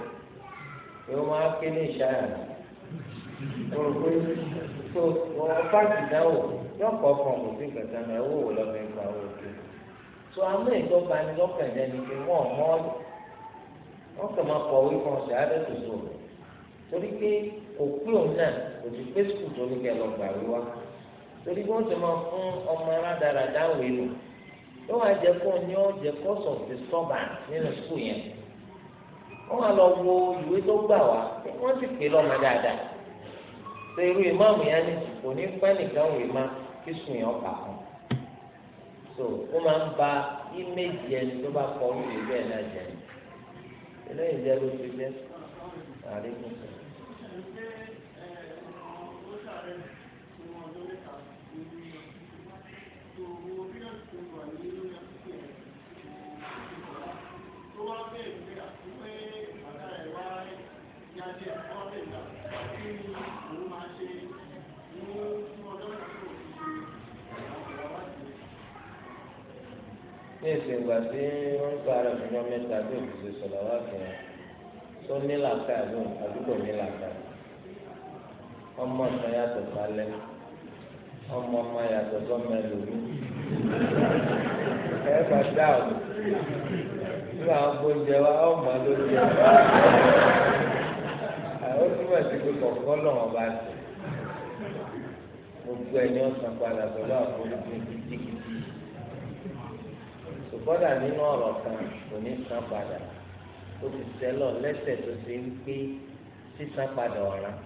kí ó máa ké ní ìṣáyà wọ́n pé tó wọ́n fáàkì náwó yọ̀kọ̀ kan kò sí kẹta náà ẹ̀wọ́ wò lọ́mọ ẹ̀ka owó tó tó àmọ́ ìjọba ni lọ́kàn jẹ́ ni pé wọ́n mọ́ ọ́ wọ́n kàn máa kọ̀ wí kan ṣe àádọ́ tó tó torí pé kò pé òun náà kò sí pé sùkùl tó ní kẹ́ torí pé wọ́n ti máa fún ọmọ aládàáradá yóò wá jẹ kó ní ó jẹ cause of disturbance nínú sukùl yẹn wọn wá lọ wo ìwé tó gbà wá wọn sì pè lọmọ dáadáa ṣe irú ìmáàmù yẹn ni kò ní pẹ́ nìkan wò má kí sùn yẹn ọkà kan so ó máa ń ba íméèjì ẹni tó bá kọ orí ìwé ẹ̀ náà jẹ eléyìí jẹ ló ti jẹ àríkùn ní ìsìn ìgbà tí wọ́n ń pa ara mi lọ́mọ mẹ́ta tó fi ṣe sọ̀rọ̀ wá fún ẹ tó ní làákà lóun àdúgbò ní làákà ọmọ ọ̀sán yàtọ̀ sálẹ̀ ọmọ ọmọ yàtọ̀ sọ́mọ ẹlòmí ẹ bá dá o nígbà wọn bó jẹ wá ọmọ ló àwọn túmọ̀ sí pé kọ̀ọ̀kan lọ́wọ́ bá ti gbogbo ẹ̀yán san padà pẹ̀lú àforíjì kìtìkìtì. kọ́dà nínú ọ̀rọ̀ kan kò ní san padà ó ti sẹ́lọ̀ lẹ́sẹ̀ tó ti ń pé sísan padà ọ̀ràn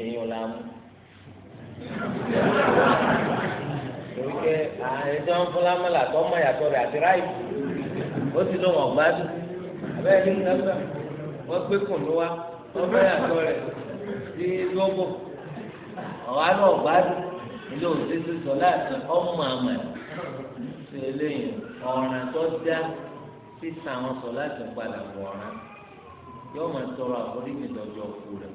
èèyàn la mú nke àìsàn fúlámọ́là tó mọ ìyàtọ̀ rẹ̀ àti ráì ó ti lọ wọ̀n gbádùn abẹ́rẹ́ ní sábà wọ́n gbé kùnú wa wọ́n mọ ìyàtọ̀ rẹ̀ sí lọ́gbọ̀n ọ̀hánà ọ̀gbádùn ilé sọlá àti sí eléyìí ọ̀ràn tó dá sísà àwọn sọ láti padà wọ̀ ọ̀ràn yóò máa tọrọ àforíjì lọ́jọ́ kú rẹ̀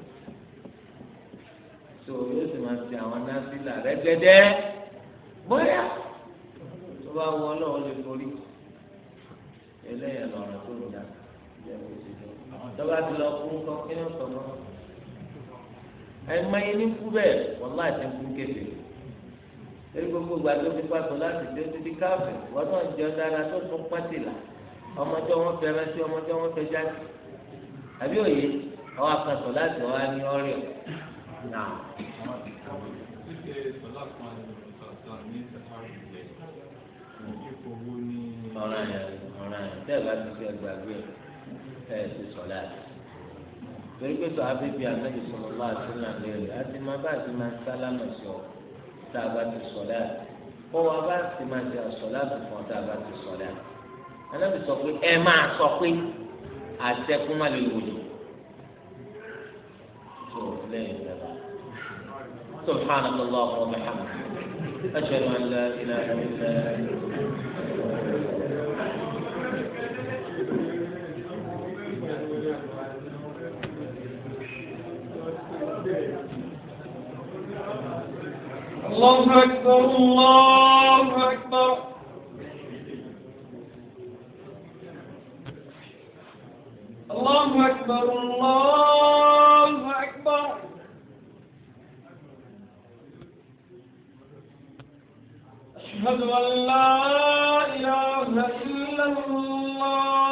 tó yóò sì máa fi àwọn násìlà rẹ́gẹ́dẹ́ bóyá tó bá wọ ọlọ́run lè forí eléyìí lọ́ràn tó dá tó bá ti lọ kú ńkọ́ kí ni ó sọ fún ẹ̀ máa yẹ ní kú bẹ́ẹ̀ wọ́n láti kú kéde torí gbogbo ìgbà tó fi pàtó láti dé tó fi káàbù wọn náà jẹ dára tó tún pátìlà ọmọdé wọn fẹrẹ sí ọmọdé wọn fẹ jáde àbí òye àwọn akasọ láti wá ní ọ̀rẹ́ náà. ọ̀ràn yẹn ọ̀ràn yẹn tẹ́ ẹ bá ti fi ẹgbàgbé ẹ ti sọ̀lá yẹn torí pé sọ abébí anáyè sọ̀rọ̀ bá a ti nà lérè àti má bá a ti máa sálámà sí tá a bá ti sọlá kó wa bá sì máa ṣe àsọlá tó fún ọ tá a bá ti sọlá anábì sọ pé ẹ máa sọ pé àṣẹkùn má lè wòlò tó lẹ́yìn ìjọba سبحانك اللهم وبحمدك أشهد أن لا إله إلا أنت الله أكبر الله أكبر الله أكبر الله أكبر أشهد أن لا إله إلا الله